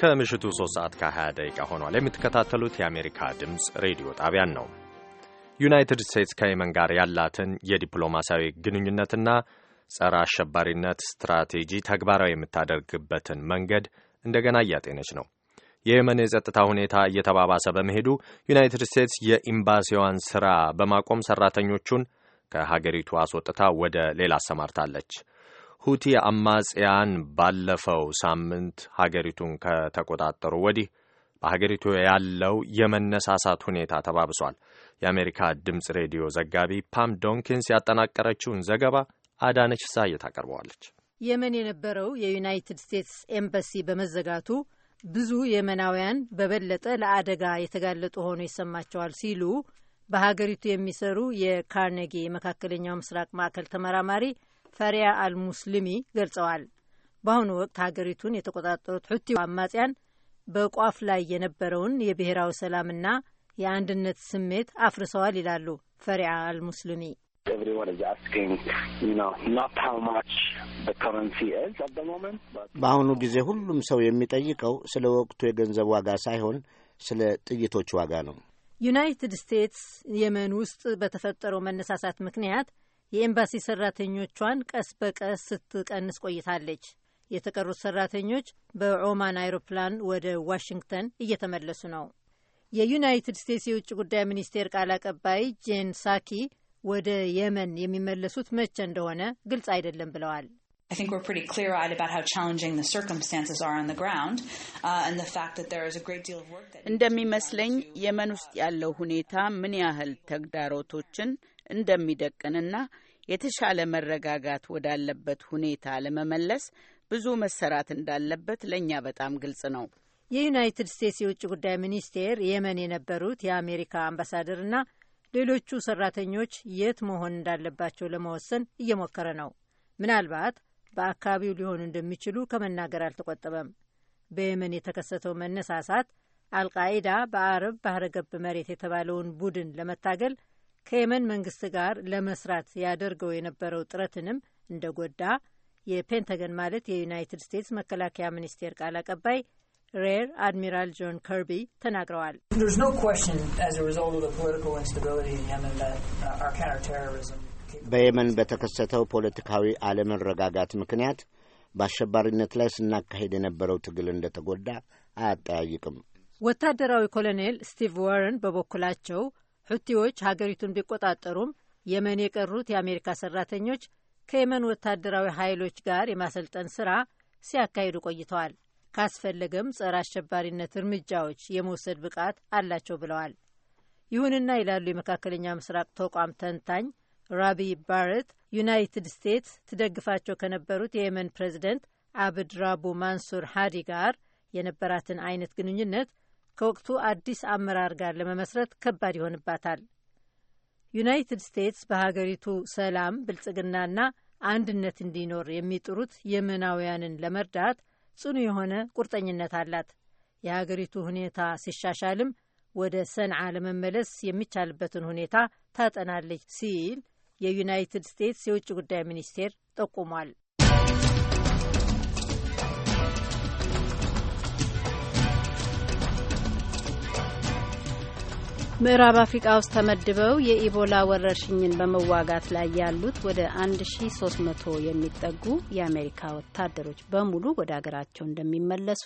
ከምሽቱ 3 ሰዓት ከ20 ደቂቃ ሆኗል። የምትከታተሉት የአሜሪካ ድምፅ ሬዲዮ ጣቢያን ነው። ዩናይትድ ስቴትስ ከየመን ጋር ያላትን የዲፕሎማሲያዊ ግንኙነትና ጸረ አሸባሪነት ስትራቴጂ ተግባራዊ የምታደርግበትን መንገድ እንደገና እያጤነች ነው። የየመን የጸጥታ ሁኔታ እየተባባሰ በመሄዱ ዩናይትድ ስቴትስ የኤምባሲዋን ስራ በማቆም ሰራተኞቹን ከሀገሪቱ አስወጥታ ወደ ሌላ አሰማርታለች። ሁቲ አማጽያን ባለፈው ሳምንት ሀገሪቱን ከተቆጣጠሩ ወዲህ በሀገሪቱ ያለው የመነሳሳት ሁኔታ ተባብሷል። የአሜሪካ ድምፅ ሬዲዮ ዘጋቢ ፓም ዶንኪንስ ያጠናቀረችውን ዘገባ አዳነች ሳየ ታቀርበዋለች። የመን የነበረው የዩናይትድ ስቴትስ ኤምባሲ በመዘጋቱ ብዙ የመናውያን በበለጠ ለአደጋ የተጋለጡ ሆኖ ይሰማቸዋል ሲሉ በሀገሪቱ የሚሰሩ የካርኔጊ የመካከለኛው ምስራቅ ማዕከል ተመራማሪ ፈሪያ አልሙስሊሚ ገልጸዋል። በአሁኑ ወቅት ሀገሪቱን የተቆጣጠሩት ሑቲ አማጽያን በቋፍ ላይ የነበረውን የብሔራዊ ሰላምና የአንድነት ስሜት አፍርሰዋል ይላሉ ፈሪያ አልሙስሊሚ። በአሁኑ ጊዜ ሁሉም ሰው የሚጠይቀው ስለ ወቅቱ የገንዘብ ዋጋ ሳይሆን ስለ ጥይቶች ዋጋ ነው። ዩናይትድ ስቴትስ የመን ውስጥ በተፈጠረው መነሳሳት ምክንያት የኤምባሲ ሰራተኞቿን ቀስ በቀስ ስትቀንስ ቆይታለች። የተቀሩት ሰራተኞች በኦማን አይሮፕላን ወደ ዋሽንግተን እየተመለሱ ነው። የዩናይትድ ስቴትስ የውጭ ጉዳይ ሚኒስቴር ቃል አቀባይ ጄን ሳኪ ወደ የመን የሚመለሱት መቼ እንደሆነ ግልጽ አይደለም ብለዋል። እንደሚመስለኝ የመን ውስጥ ያለው ሁኔታ ምን ያህል ተግዳሮቶችን እንደሚደቅንና የተሻለ መረጋጋት ወዳለበት ሁኔታ ለመመለስ ብዙ መሰራት እንዳለበት ለእኛ በጣም ግልጽ ነው። የዩናይትድ ስቴትስ የውጭ ጉዳይ ሚኒስቴር የመን የነበሩት የአሜሪካ አምባሳደርና ሌሎቹ ሰራተኞች የት መሆን እንዳለባቸው ለመወሰን እየሞከረ ነው። ምናልባት በአካባቢው ሊሆኑ እንደሚችሉ ከመናገር አልተቆጠበም። በየመን የተከሰተው መነሳሳት አልቃኢዳ በአረብ ባህረ ገብ መሬት የተባለውን ቡድን ለመታገል ከየመን መንግስት ጋር ለመስራት ያደርገው የነበረው ጥረትንም እንደጎዳ የፔንተገን ማለት የዩናይትድ ስቴትስ መከላከያ ሚኒስቴር ቃል አቀባይ ሬር አድሚራል ጆን ከርቢ ተናግረዋል። uh, በየመን በተከሰተው ፖለቲካዊ አለመረጋጋት ምክንያት በአሸባሪነት ላይ ስናካሄድ የነበረው ትግል እንደተጎዳ አያጠያይቅም። ወታደራዊ ኮሎኔል ስቲቭ ዋረን በበኩላቸው ሑቲዎች ሀገሪቱን ቢቆጣጠሩም የመን የቀሩት የአሜሪካ ሰራተኞች ከየመን ወታደራዊ ኃይሎች ጋር የማሰልጠን ስራ ሲያካሂዱ ቆይተዋል። ካስፈለገም ጸረ አሸባሪነት እርምጃዎች የመውሰድ ብቃት አላቸው ብለዋል። ይሁንና ይላሉ የመካከለኛ ምስራቅ ተቋም ተንታኝ ራቢ ባረት፣ ዩናይትድ ስቴትስ ትደግፋቸው ከነበሩት የየመን ፕሬዚደንት ራቡ ማንሱር ሃዲ ጋር የነበራትን አይነት ግንኙነት ከወቅቱ አዲስ አመራር ጋር ለመመስረት ከባድ ይሆንባታል። ዩናይትድ ስቴትስ በሀገሪቱ ሰላም፣ ብልጽግናና አንድነት እንዲኖር የሚጥሩት የመናውያንን ለመርዳት ጽኑ የሆነ ቁርጠኝነት አላት። የሀገሪቱ ሁኔታ ሲሻሻልም ወደ ሰንዓ ለመመለስ የሚቻልበትን ሁኔታ ታጠናለች ሲል የዩናይትድ ስቴትስ የውጭ ጉዳይ ሚኒስቴር ጠቁሟል። ምዕራብ አፍሪቃ ውስጥ ተመድበው የኢቦላ ወረርሽኝን በመዋጋት ላይ ያሉት ወደ 1300 የሚጠጉ የአሜሪካ ወታደሮች በሙሉ ወደ አገራቸው እንደሚመለሱ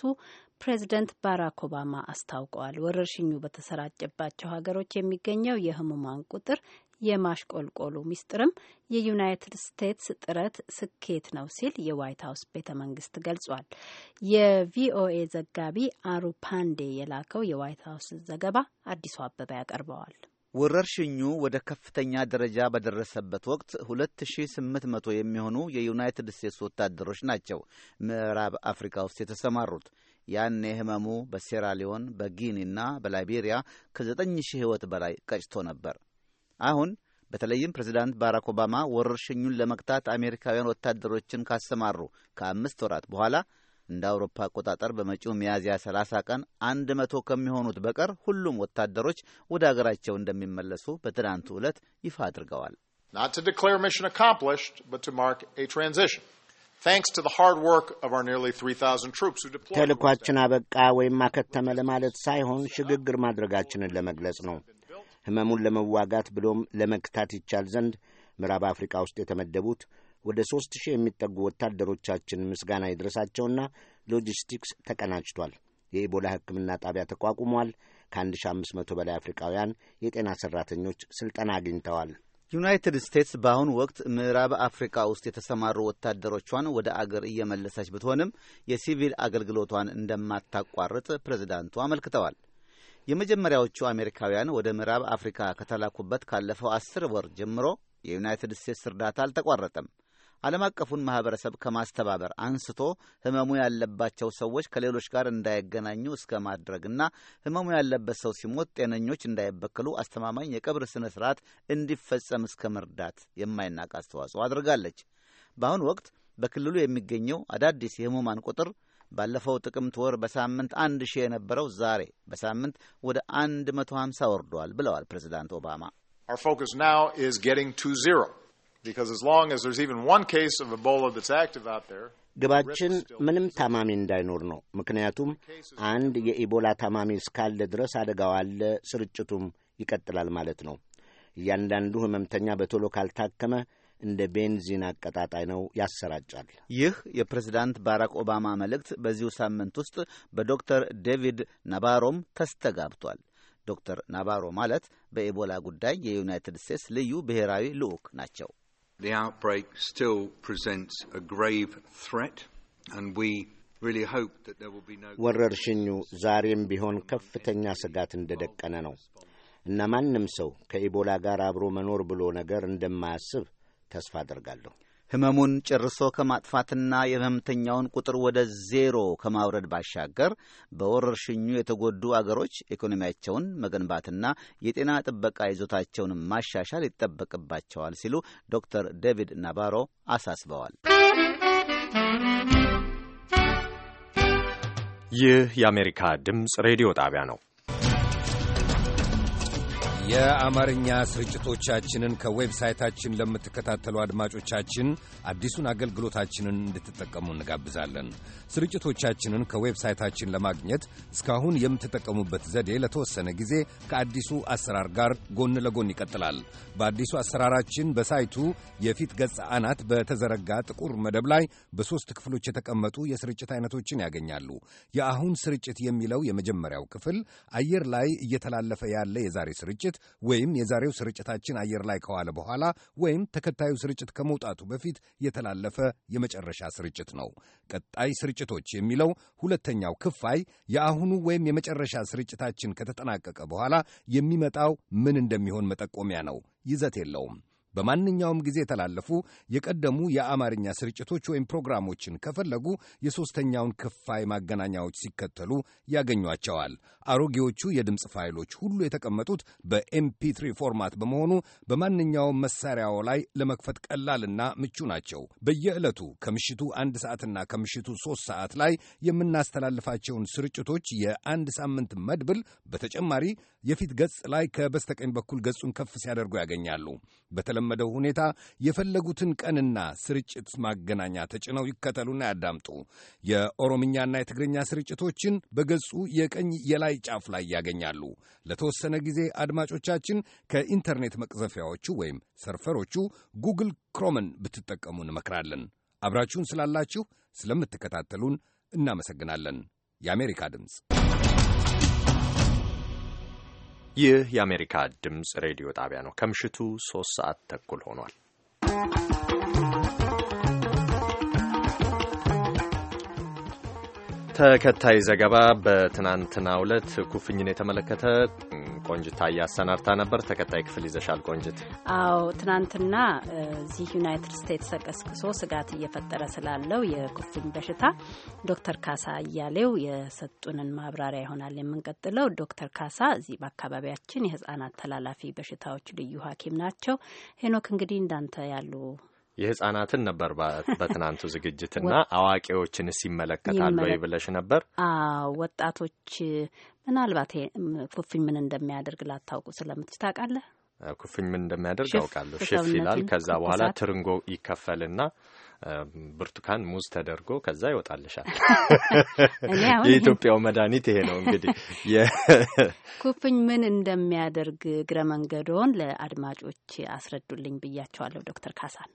ፕሬዚደንት ባራክ ኦባማ አስታውቀዋል። ወረርሽኙ በተሰራጨባቸው ሀገሮች የሚገኘው የህሙማን ቁጥር የማሽቆልቆሉ ሚስጥርም የዩናይትድ ስቴትስ ጥረት ስኬት ነው ሲል የዋይት ሀውስ ቤተ መንግስት ገልጿል። የቪኦኤ ዘጋቢ አሩ ፓንዴ የላከው የዋይት ሀውስ ዘገባ አዲሱ አበባ ያቀርበዋል። ወረርሽኙ ወደ ከፍተኛ ደረጃ በደረሰበት ወቅት 2800 የሚሆኑ የዩናይትድ ስቴትስ ወታደሮች ናቸው ምዕራብ አፍሪካ ውስጥ የተሰማሩት። ያኔ ህመሙ በሴራሊዮን በጊኒ እና በላይቤሪያ ከ9000 ህይወት በላይ ቀጭቶ ነበር። አሁን በተለይም ፕሬዚዳንት ባራክ ኦባማ ወረርሽኙን ለመግታት አሜሪካውያን ወታደሮችን ካሰማሩ ከአምስት ወራት በኋላ እንደ አውሮፓ አቆጣጠር በመጪው ሚያዝያ 30 ቀን አንድ መቶ ከሚሆኑት በቀር ሁሉም ወታደሮች ወደ አገራቸው እንደሚመለሱ በትናንቱ ዕለት ይፋ አድርገዋል። ተልኳችን አበቃ ወይም አከተመ ለማለት ሳይሆን ሽግግር ማድረጋችንን ለመግለጽ ነው። ህመሙን ለመዋጋት ብሎም ለመግታት ይቻል ዘንድ ምዕራብ አፍሪካ ውስጥ የተመደቡት ወደ ሦስት ሺህ የሚጠጉ ወታደሮቻችን ምስጋና ይድረሳቸውና ሎጂስቲክስ ተቀናጅቷል። የኢቦላ ሕክምና ጣቢያ ተቋቁሟል። መቶ በላይ አፍሪካውያን የጤና ሠራተኞች ሥልጠና አግኝተዋል። ዩናይትድ ስቴትስ በአሁኑ ወቅት ምዕራብ አፍሪካ ውስጥ የተሰማሩ ወታደሮቿን ወደ አገር እየመለሰች ብትሆንም የሲቪል አገልግሎቷን እንደማታቋርጥ ፕሬዚዳንቱ አመልክተዋል። የመጀመሪያዎቹ አሜሪካውያን ወደ ምዕራብ አፍሪካ ከተላኩበት ካለፈው አስር ወር ጀምሮ የዩናይትድ ስቴትስ እርዳታ አልተቋረጠም። ዓለም አቀፉን ማኅበረሰብ ከማስተባበር አንስቶ ሕመሙ ያለባቸው ሰዎች ከሌሎች ጋር እንዳይገናኙ እስከ ማድረግና ሕመሙ ያለበት ሰው ሲሞት ጤነኞች እንዳይበክሉ አስተማማኝ የቀብር ሥነ ሥርዓት እንዲፈጸም እስከ መርዳት የማይናቅ አስተዋጽኦ አድርጋለች። በአሁኑ ወቅት በክልሉ የሚገኘው አዳዲስ የሕሙማን ቁጥር ባለፈው ጥቅምት ወር በሳምንት አንድ ሺህ የነበረው ዛሬ በሳምንት ወደ አንድ መቶ ሀምሳ ወርዷል ብለዋል ፕሬዚዳንት ኦባማ። ግባችን ምንም ታማሚ እንዳይኖር ነው። ምክንያቱም አንድ የኢቦላ ታማሚ እስካለ ድረስ አደጋው አለ፣ ስርጭቱም ይቀጥላል ማለት ነው። እያንዳንዱ ህመምተኛ በቶሎ ካልታከመ እንደ ቤንዚን አቀጣጣይ ነው፣ ያሰራጫል። ይህ የፕሬዚዳንት ባራክ ኦባማ መልእክት በዚሁ ሳምንት ውስጥ በዶክተር ዴቪድ ናባሮም ተስተጋብቷል። ዶክተር ናባሮ ማለት በኢቦላ ጉዳይ የዩናይትድ ስቴትስ ልዩ ብሔራዊ ልዑክ ናቸው። ወረርሽኙ ዛሬም ቢሆን ከፍተኛ ስጋት እንደደቀነ ነው እና ማንም ሰው ከኢቦላ ጋር አብሮ መኖር ብሎ ነገር እንደማያስብ ተስፋ አደርጋለሁ። ህመሙን ጨርሶ ከማጥፋትና የህመምተኛውን ቁጥር ወደ ዜሮ ከማውረድ ባሻገር በወረርሽኙ የተጎዱ አገሮች ኢኮኖሚያቸውን መገንባትና የጤና ጥበቃ ይዞታቸውን ማሻሻል ይጠበቅባቸዋል ሲሉ ዶክተር ዴቪድ ናባሮ አሳስበዋል። ይህ የአሜሪካ ድምፅ ሬዲዮ ጣቢያ ነው። የአማርኛ ስርጭቶቻችንን ከዌብሳይታችን ለምትከታተሉ አድማጮቻችን አዲሱን አገልግሎታችንን እንድትጠቀሙ እንጋብዛለን። ስርጭቶቻችንን ከዌብሳይታችን ለማግኘት እስካሁን የምትጠቀሙበት ዘዴ ለተወሰነ ጊዜ ከአዲሱ አሰራር ጋር ጎን ለጎን ይቀጥላል። በአዲሱ አሰራራችን በሳይቱ የፊት ገጽ አናት በተዘረጋ ጥቁር መደብ ላይ በሦስት ክፍሎች የተቀመጡ የስርጭት አይነቶችን ያገኛሉ። የአሁን ስርጭት የሚለው የመጀመሪያው ክፍል አየር ላይ እየተላለፈ ያለ የዛሬ ስርጭት ሰዓት ወይም የዛሬው ስርጭታችን አየር ላይ ከዋለ በኋላ ወይም ተከታዩ ስርጭት ከመውጣቱ በፊት የተላለፈ የመጨረሻ ስርጭት ነው። ቀጣይ ስርጭቶች የሚለው ሁለተኛው ክፋይ የአሁኑ ወይም የመጨረሻ ስርጭታችን ከተጠናቀቀ በኋላ የሚመጣው ምን እንደሚሆን መጠቆሚያ ነው። ይዘት የለውም። በማንኛውም ጊዜ የተላለፉ የቀደሙ የአማርኛ ስርጭቶች ወይም ፕሮግራሞችን ከፈለጉ የሦስተኛውን ክፋይ ማገናኛዎች ሲከተሉ ያገኟቸዋል። አሮጌዎቹ የድምፅ ፋይሎች ሁሉ የተቀመጡት በኤምፒ3 ፎርማት በመሆኑ በማንኛውም መሳሪያው ላይ ለመክፈት ቀላልና ምቹ ናቸው። በየዕለቱ ከምሽቱ አንድ ሰዓትና ከምሽቱ ሦስት ሰዓት ላይ የምናስተላልፋቸውን ስርጭቶች የአንድ ሳምንት መድብል በተጨማሪ የፊት ገጽ ላይ ከበስተቀኝ በኩል ገጹን ከፍ ሲያደርጉ ያገኛሉ። በተለመደው ሁኔታ የፈለጉትን ቀንና ስርጭት ማገናኛ ተጭነው ይከተሉና ያዳምጡ። የኦሮምኛና የትግርኛ ስርጭቶችን በገጹ የቀኝ የላይ ጫፍ ላይ ያገኛሉ። ለተወሰነ ጊዜ አድማጮቻችን ከኢንተርኔት መቅዘፊያዎቹ ወይም ሰርፈሮቹ ጉግል ክሮምን ብትጠቀሙ እንመክራለን። አብራችሁን ስላላችሁ ስለምትከታተሉን እናመሰግናለን። የአሜሪካ ድምፅ ይህ የአሜሪካ ድምፅ ሬዲዮ ጣቢያ ነው። ከምሽቱ ሶስት ሰዓት ተኩል ሆኗል። ተከታይ ዘገባ በትናንትናው ዕለት ኩፍኝን የተመለከተ ቆንጅታ እያሰናርታ ነበር። ተከታይ ክፍል ይዘሻል ቆንጅት። አዎ ትናንትና እዚህ ዩናይትድ ስቴትስ ተቀስቅሶ ስጋት እየፈጠረ ስላለው የኩፍኝ በሽታ ዶክተር ካሳ እያሌው የሰጡንን ማብራሪያ ይሆናል የምንቀጥለው። ዶክተር ካሳ እዚህ በአካባቢያችን የህጻናት ተላላፊ በሽታዎች ልዩ ሐኪም ናቸው። ሄኖክ እንግዲህ እንዳንተ ያሉ የህጻናትን ነበር በትናንቱ ዝግጅትና አዋቂዎችን ሲመለከታል ወይ ብለሽ ነበር? ወጣቶች ምናልባት ኩፍኝ ምን እንደሚያደርግ ላታውቁ ስለምትች ታውቃለህ? ኩፍኝ ምን እንደሚያደርግ አውቃለሁ። ሽፍ ይላል። ከዛ በኋላ ትርንጎ ይከፈልና ብርቱካን፣ ሙዝ ተደርጎ ከዛ ይወጣልሻል። የኢትዮጵያው መድኃኒት ይሄ ነው እንግዲህ። ኩፍኝ ምን እንደሚያደርግ እግረ መንገዶን ለአድማጮች አስረዱልኝ ብያቸዋለሁ ዶክተር ካሳን።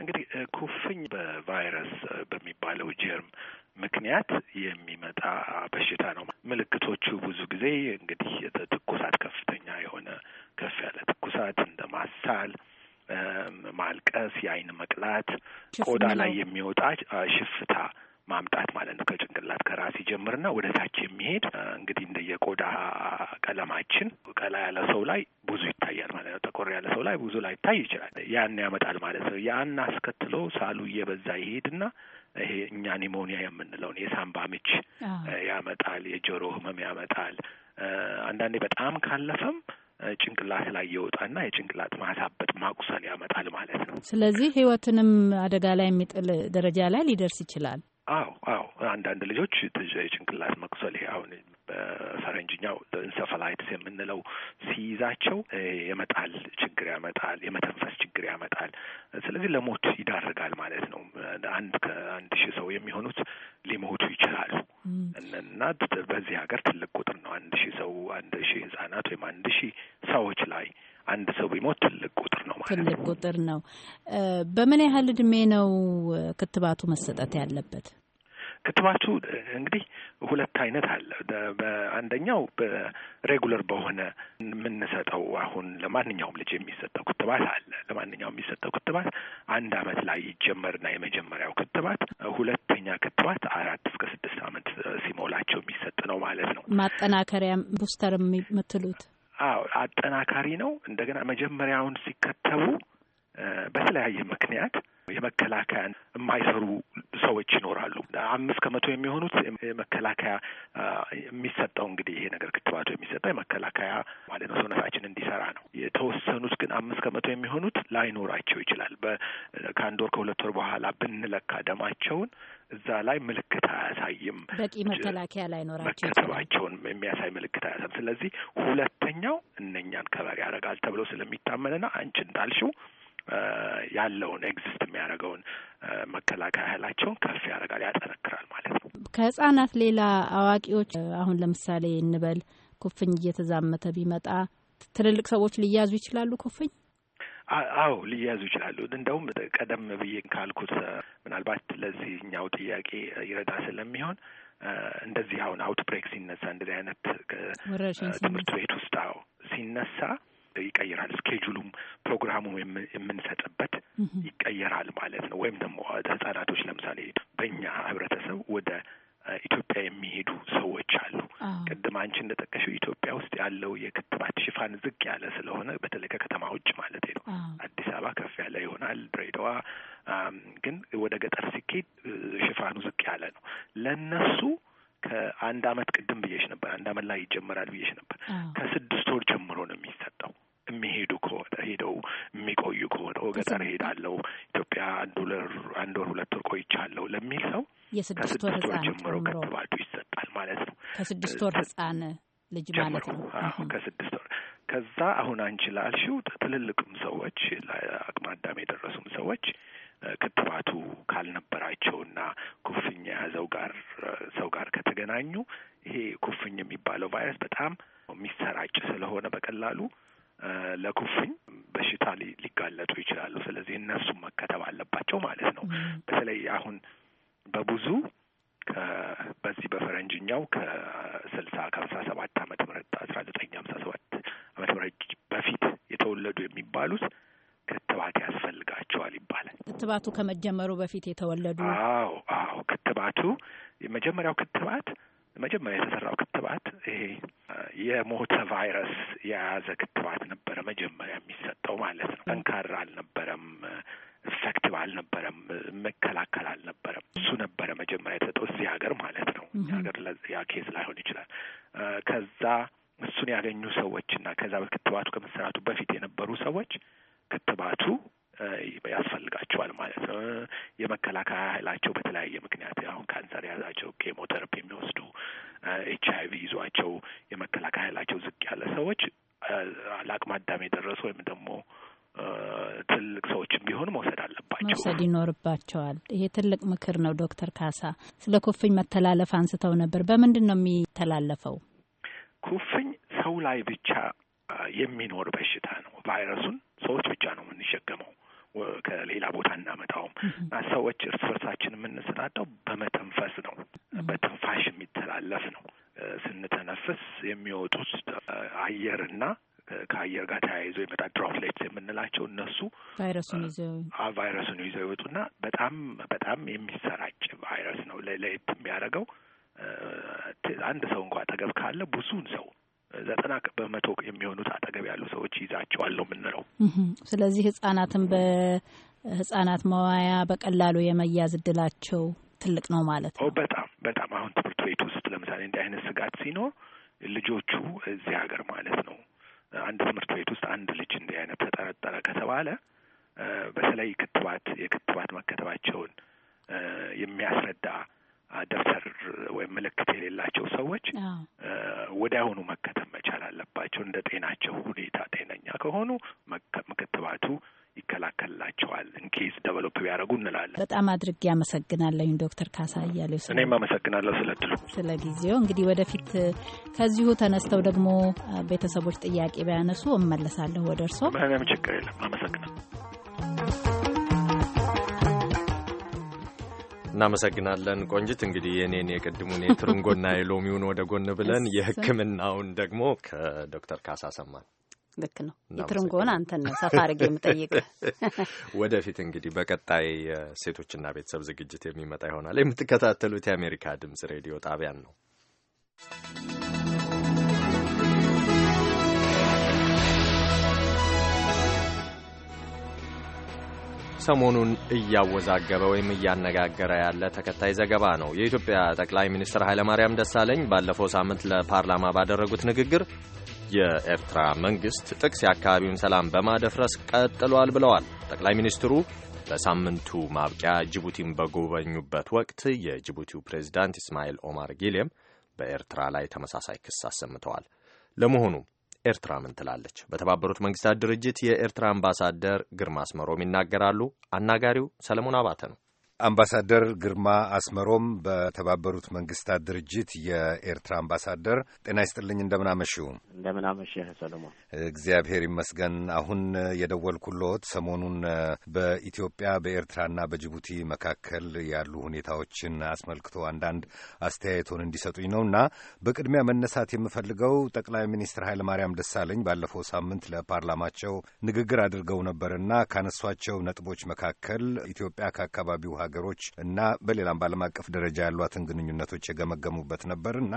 እንግዲህ ኩፍኝ በቫይረስ በሚባለው ጀርም ምክንያት የሚመጣ በሽታ ነው። ምልክቶቹ ብዙ ጊዜ እንግዲህ ትኩሳት፣ ከፍተኛ የሆነ ከፍ ያለ ትኩሳት፣ እንደ ማሳል፣ ማልቀስ፣ የአይን መቅላት፣ ቆዳ ላይ የሚወጣ ሽፍታ ማምጣት ማለት ነው። ከጭንቅላት ከራስ ይጀምርና ወደ ታች የሚሄድ እንግዲህ እንደየቆዳ ቀለማችን ቀላ ያለ ሰው ላይ ብዙ ይታያል ማለት ነው። ጠቆር ያለ ሰው ላይ ብዙ ላይታይ ይችላል። ያን ያመጣል ማለት ነው። ያን አስከትሎ ሳሉ እየበዛ ይሄድና ይሄ እኛ ኒሞኒያ የምንለውን የሳምባ ምች ያመጣል። የጆሮ ህመም ያመጣል። አንዳንዴ በጣም ካለፈም ጭንቅላት ላይ የወጣና የጭንቅላት ማሳበጥ ማቁሰል ያመጣል ማለት ነው። ስለዚህ ህይወትንም አደጋ ላይ የሚጥል ደረጃ ላይ ሊደርስ ይችላል። አዎ አዎ አንዳንድ ልጆች የጭንቅላት መቁሰል ይሄ አሁን በፈረንጅኛው ኢንሰፋላይትስ የምንለው ሲይዛቸው የመጣል ችግር ያመጣል፣ የመተንፈስ ችግር ያመጣል። ስለዚህ ለሞት ይዳርጋል ማለት ነው። አንድ ከአንድ ሺህ ሰው የሚሆኑት ሊሞቱ ይችላሉ እና በዚህ ሀገር ትልቅ ቁጥር ነው። አንድ ሺህ ሰው አንድ ሺህ ህጻናት ወይም አንድ ሺህ ሰዎች ላይ አንድ ሰው ቢሞት ትልቅ ቁጥር ትልቅ ቁጥር ነው። በምን ያህል እድሜ ነው ክትባቱ መሰጠት ያለበት? ክትባቱ እንግዲህ ሁለት አይነት አለ። በአንደኛው በሬጉለር በሆነ የምንሰጠው አሁን ለማንኛውም ልጅ የሚሰጠው ክትባት አለ። ለማንኛውም የሚሰጠው ክትባት አንድ አመት ላይ ይጀመርና የመጀመሪያው ክትባት፣ ሁለተኛ ክትባት አራት እስከ ስድስት አመት ሲሞላቸው የሚሰጥ ነው ማለት ነው። ማጠናከሪያ ቡስተር የምትሉት አዎ አጠናካሪ ነው። እንደገና መጀመሪያውን ሲከተቡ በተለያየ ምክንያት የመከላከያን የማይሰሩ ሰዎች ይኖራሉ። አምስት ከመቶ የሚሆኑት የመከላከያ የሚሰጠው እንግዲህ ይሄ ነገር ክትባቱ የሚሰጠው የመከላከያ ማለት ነው ሰውነታችን እንዲሰራ ነው። የተወሰኑት ግን አምስት ከመቶ የሚሆኑት ላይኖራቸው ይችላል። ከአንድ ወር ከሁለት ወር በኋላ ብንለካ ደማቸውን እዛ ላይ ምልክት አያሳይም። በቂ መከላከያ ላይኖራቸው መከተባቸውን የሚያሳይ ምልክት አያሳይም። ስለዚህ ሁለተኛው እነኛን ከበር ያደርጋል ተብሎ ስለሚታመንና አንቺ እንዳልሽው ያለውን ኤግዚስት የሚያደርገውን መከላከያ ኃይላቸውን ከፍ ያደርጋል፣ ያጠነክራል ማለት ነው። ከህጻናት ሌላ አዋቂዎች አሁን ለምሳሌ እንበል ኩፍኝ እየተዛመተ ቢመጣ ትልልቅ ሰዎች ሊያዙ ይችላሉ ኩፍኝ አዎ ሊያዙ ይችላሉ። እንደውም ቀደም ብዬ ካልኩት ምናልባት ለዚህኛው ጥያቄ ይረዳ ስለሚሆን እንደዚህ አሁን አውትብሬክ ሲነሳ እንደዚህ አይነት ትምህርት ቤት ውስጥ አዎ ሲነሳ ይቀይራል። ስኬጁሉም ፕሮግራሙ የምንሰጥበት ይቀየራል ማለት ነው። ወይም ደግሞ ህጻናቶች ለምሳሌ በእኛ ህብረተሰብ ወደ የስድስት ወር ህጻን ጀምሮ ክትባቱ ይሰጣል ማለት ነው። ከስድስት ወር ህጻን ልጅ ማለት ነው። ከስድስት ወር ከዛ አሁን አንቺ ላልሽው ትልልቅ ክትባቱ ከመጀመሩ በፊት የተወለዱ? አዎ አዎ ክትባቱ የመጀመሪያው ሰዎች ለአቅመ አዳም የደረሱ ወይም ደግሞ ትልቅ ሰዎችም ቢሆኑ መውሰድ አለባቸው መውሰድ ይኖርባቸዋል። ይሄ ትልቅ ምክር ነው። ዶክተር ካሳ ስለ ኩፍኝ መተላለፍ አንስተው ነበር። በምንድን ነው የሚተላለፈው? ኩፍኝ ሰው ላይ ብቻ የሚኖር በሽታ ነው። ቫይረሱን ሰዎች ብቻ ነው የምንሸከመው፣ ከሌላ ቦታ እናመጣውም። ሰዎች እርስ በርሳችን የምንሰናዳው በመተንፈስ ነው፣ በትንፋሽ የሚተላለፍ ነው። ስንተነፍስ የሚወጡት አየርና ከአየር ጋር ተያይዞ የመጣ ድሮፕሌትስ የምንላቸው እነሱ ቫይረሱን ይዘው ቫይረሱን ይዘው ይወጡና በጣም በጣም የሚሰራጭ ቫይረስ ነው። ለየት የሚያደርገው አንድ ሰው እንኳ አጠገብ ካለ ብዙውን ሰው ዘጠና በመቶ የሚሆኑት አጠገብ ያሉ ሰዎች ይዛቸዋል ነው የምንለው። ስለዚህ ህጻናትን በህጻናት መዋያ በቀላሉ የመያዝ እድላቸው ትልቅ ነው ማለት ነው። በጣም በጣም አሁን ትምህርት ቤት ውስጥ ለምሳሌ እንዲህ አይነት ስጋት ሲኖር ልጆቹ እዚህ ሀገር ማለት ነው አንድ ትምህርት ቤት ውስጥ አንድ ልጅ እንዲህ አይነት ተጠረጠረ ከተባለ በተለይ ክትባት የክትባት መከተባቸውን የሚያስረዳ ደብተር ወይም ምልክት የሌላቸው ሰዎች ወዲያውኑ መከተብ መቻል አለባቸው። እንደ ጤናቸው ሁኔታ ጤነኛ ከሆኑ ክትባቱ ይከላከልላቸዋል ኢንኬዝ ደቨሎፕ ቢያደርጉ እንላለን። በጣም አድርጌ አመሰግናለሁኝ ዶክተር ካሳ እያሌው። እኔም አመሰግናለሁ ስለ ድሉ ስለ ጊዜው። እንግዲህ ወደፊት ከዚሁ ተነስተው ደግሞ ቤተሰቦች ጥያቄ ቢያነሱ እመለሳለሁ ወደ እርሶ። ምንም ችግር የለም። አመሰግናለሁ። እናመሰግናለን ቆንጅት። እንግዲህ የኔን የቅድሙን የትርንጎና የሎሚውን ወደ ጎን ብለን የሕክምናውን ደግሞ ከዶክተር ካሳ ሰማን። ልክ ነው። የትርንጎን አንተን ነው ሰፋ አድርጌ የምጠይቅ። ወደፊት እንግዲህ በቀጣይ ሴቶችና ቤተሰብ ዝግጅት የሚመጣ ይሆናል። የምትከታተሉት የአሜሪካ ድምጽ ሬዲዮ ጣቢያን ነው። ሰሞኑን እያወዛገበ ወይም እያነጋገረ ያለ ተከታይ ዘገባ ነው። የኢትዮጵያ ጠቅላይ ሚኒስትር ኃይለማርያም ደሳለኝ ባለፈው ሳምንት ለፓርላማ ባደረጉት ንግግር የኤርትራ መንግስት ጥቅስ የአካባቢውን ሰላም በማደፍረስ ቀጥሏል ብለዋል። ጠቅላይ ሚኒስትሩ በሳምንቱ ማብቂያ ጅቡቲን በጎበኙበት ወቅት የጅቡቲው ፕሬዚዳንት ኢስማኤል ኦማር ጊሌም በኤርትራ ላይ ተመሳሳይ ክስ አሰምተዋል። ለመሆኑ ኤርትራ ምን ትላለች? በተባበሩት መንግስታት ድርጅት የኤርትራ አምባሳደር ግርማ አስመሮም ይናገራሉ። አናጋሪው ሰለሞን አባተ ነው። አምባሳደር ግርማ አስመሮም በተባበሩት መንግስታት ድርጅት የኤርትራ አምባሳደር፣ ጤና ይስጥልኝ። እንደምናመሽው እንደምናመሽህ ሰለሞን። እግዚአብሔር ይመስገን። አሁን የደወልኩልዎት ሰሞኑን በኢትዮጵያ በኤርትራና በጅቡቲ መካከል ያሉ ሁኔታዎችን አስመልክቶ አንዳንድ አስተያየቶን እንዲሰጡኝ ነው እና በቅድሚያ መነሳት የምፈልገው ጠቅላይ ሚኒስትር ኃይለማርያም ደሳለኝ ባለፈው ሳምንት ለፓርላማቸው ንግግር አድርገው ነበርና ካነሷቸው ነጥቦች መካከል ኢትዮጵያ ከአካባቢው ሀገሮች እና በሌላም በዓለም አቀፍ ደረጃ ያሏትን ግንኙነቶች የገመገሙበት ነበር እና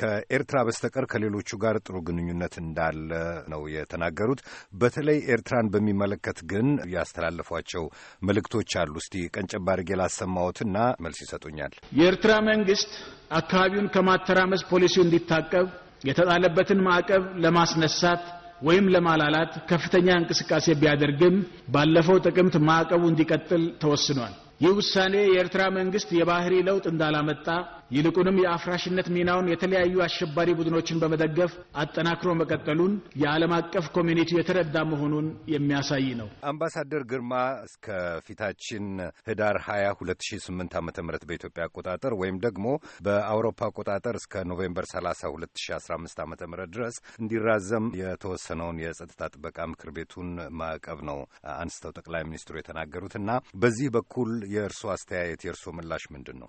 ከኤርትራ በስተቀር ከሌሎቹ ጋር ጥሩ ግንኙነት እንዳለ ነው የተናገሩት። በተለይ ኤርትራን በሚመለከት ግን ያስተላለፏቸው መልእክቶች አሉ። እስቲ ቀንጨባርጌ አድርጌ ላሰማዎትና መልስ ይሰጡኛል። የኤርትራ መንግስት አካባቢውን ከማተራመስ ፖሊሲው እንዲታቀብ የተጣለበትን ማዕቀብ ለማስነሳት ወይም ለማላላት ከፍተኛ እንቅስቃሴ ቢያደርግም ባለፈው ጥቅምት ማዕቀቡ እንዲቀጥል ተወስኗል። ይህ ውሳኔ የኤርትራ መንግስት የባህሪ ለውጥ እንዳላመጣ ይልቁንም የአፍራሽነት ሚናውን የተለያዩ አሸባሪ ቡድኖችን በመደገፍ አጠናክሮ መቀጠሉን የዓለም አቀፍ ኮሚኒቲ የተረዳ መሆኑን የሚያሳይ ነው። አምባሳደር ግርማ እስከ ፊታችን ህዳር 20 2008 ዓ ም በኢትዮጵያ አቆጣጠር ወይም ደግሞ በአውሮፓ አቆጣጠር እስከ ኖቬምበር 30 2015 ዓ ም ድረስ እንዲራዘም የተወሰነውን የጸጥታ ጥበቃ ምክር ቤቱን ማዕቀብ ነው አንስተው ጠቅላይ ሚኒስትሩ የተናገሩት እና በዚህ በኩል የእርሶ አስተያየት የእርሶ ምላሽ ምንድን ነው?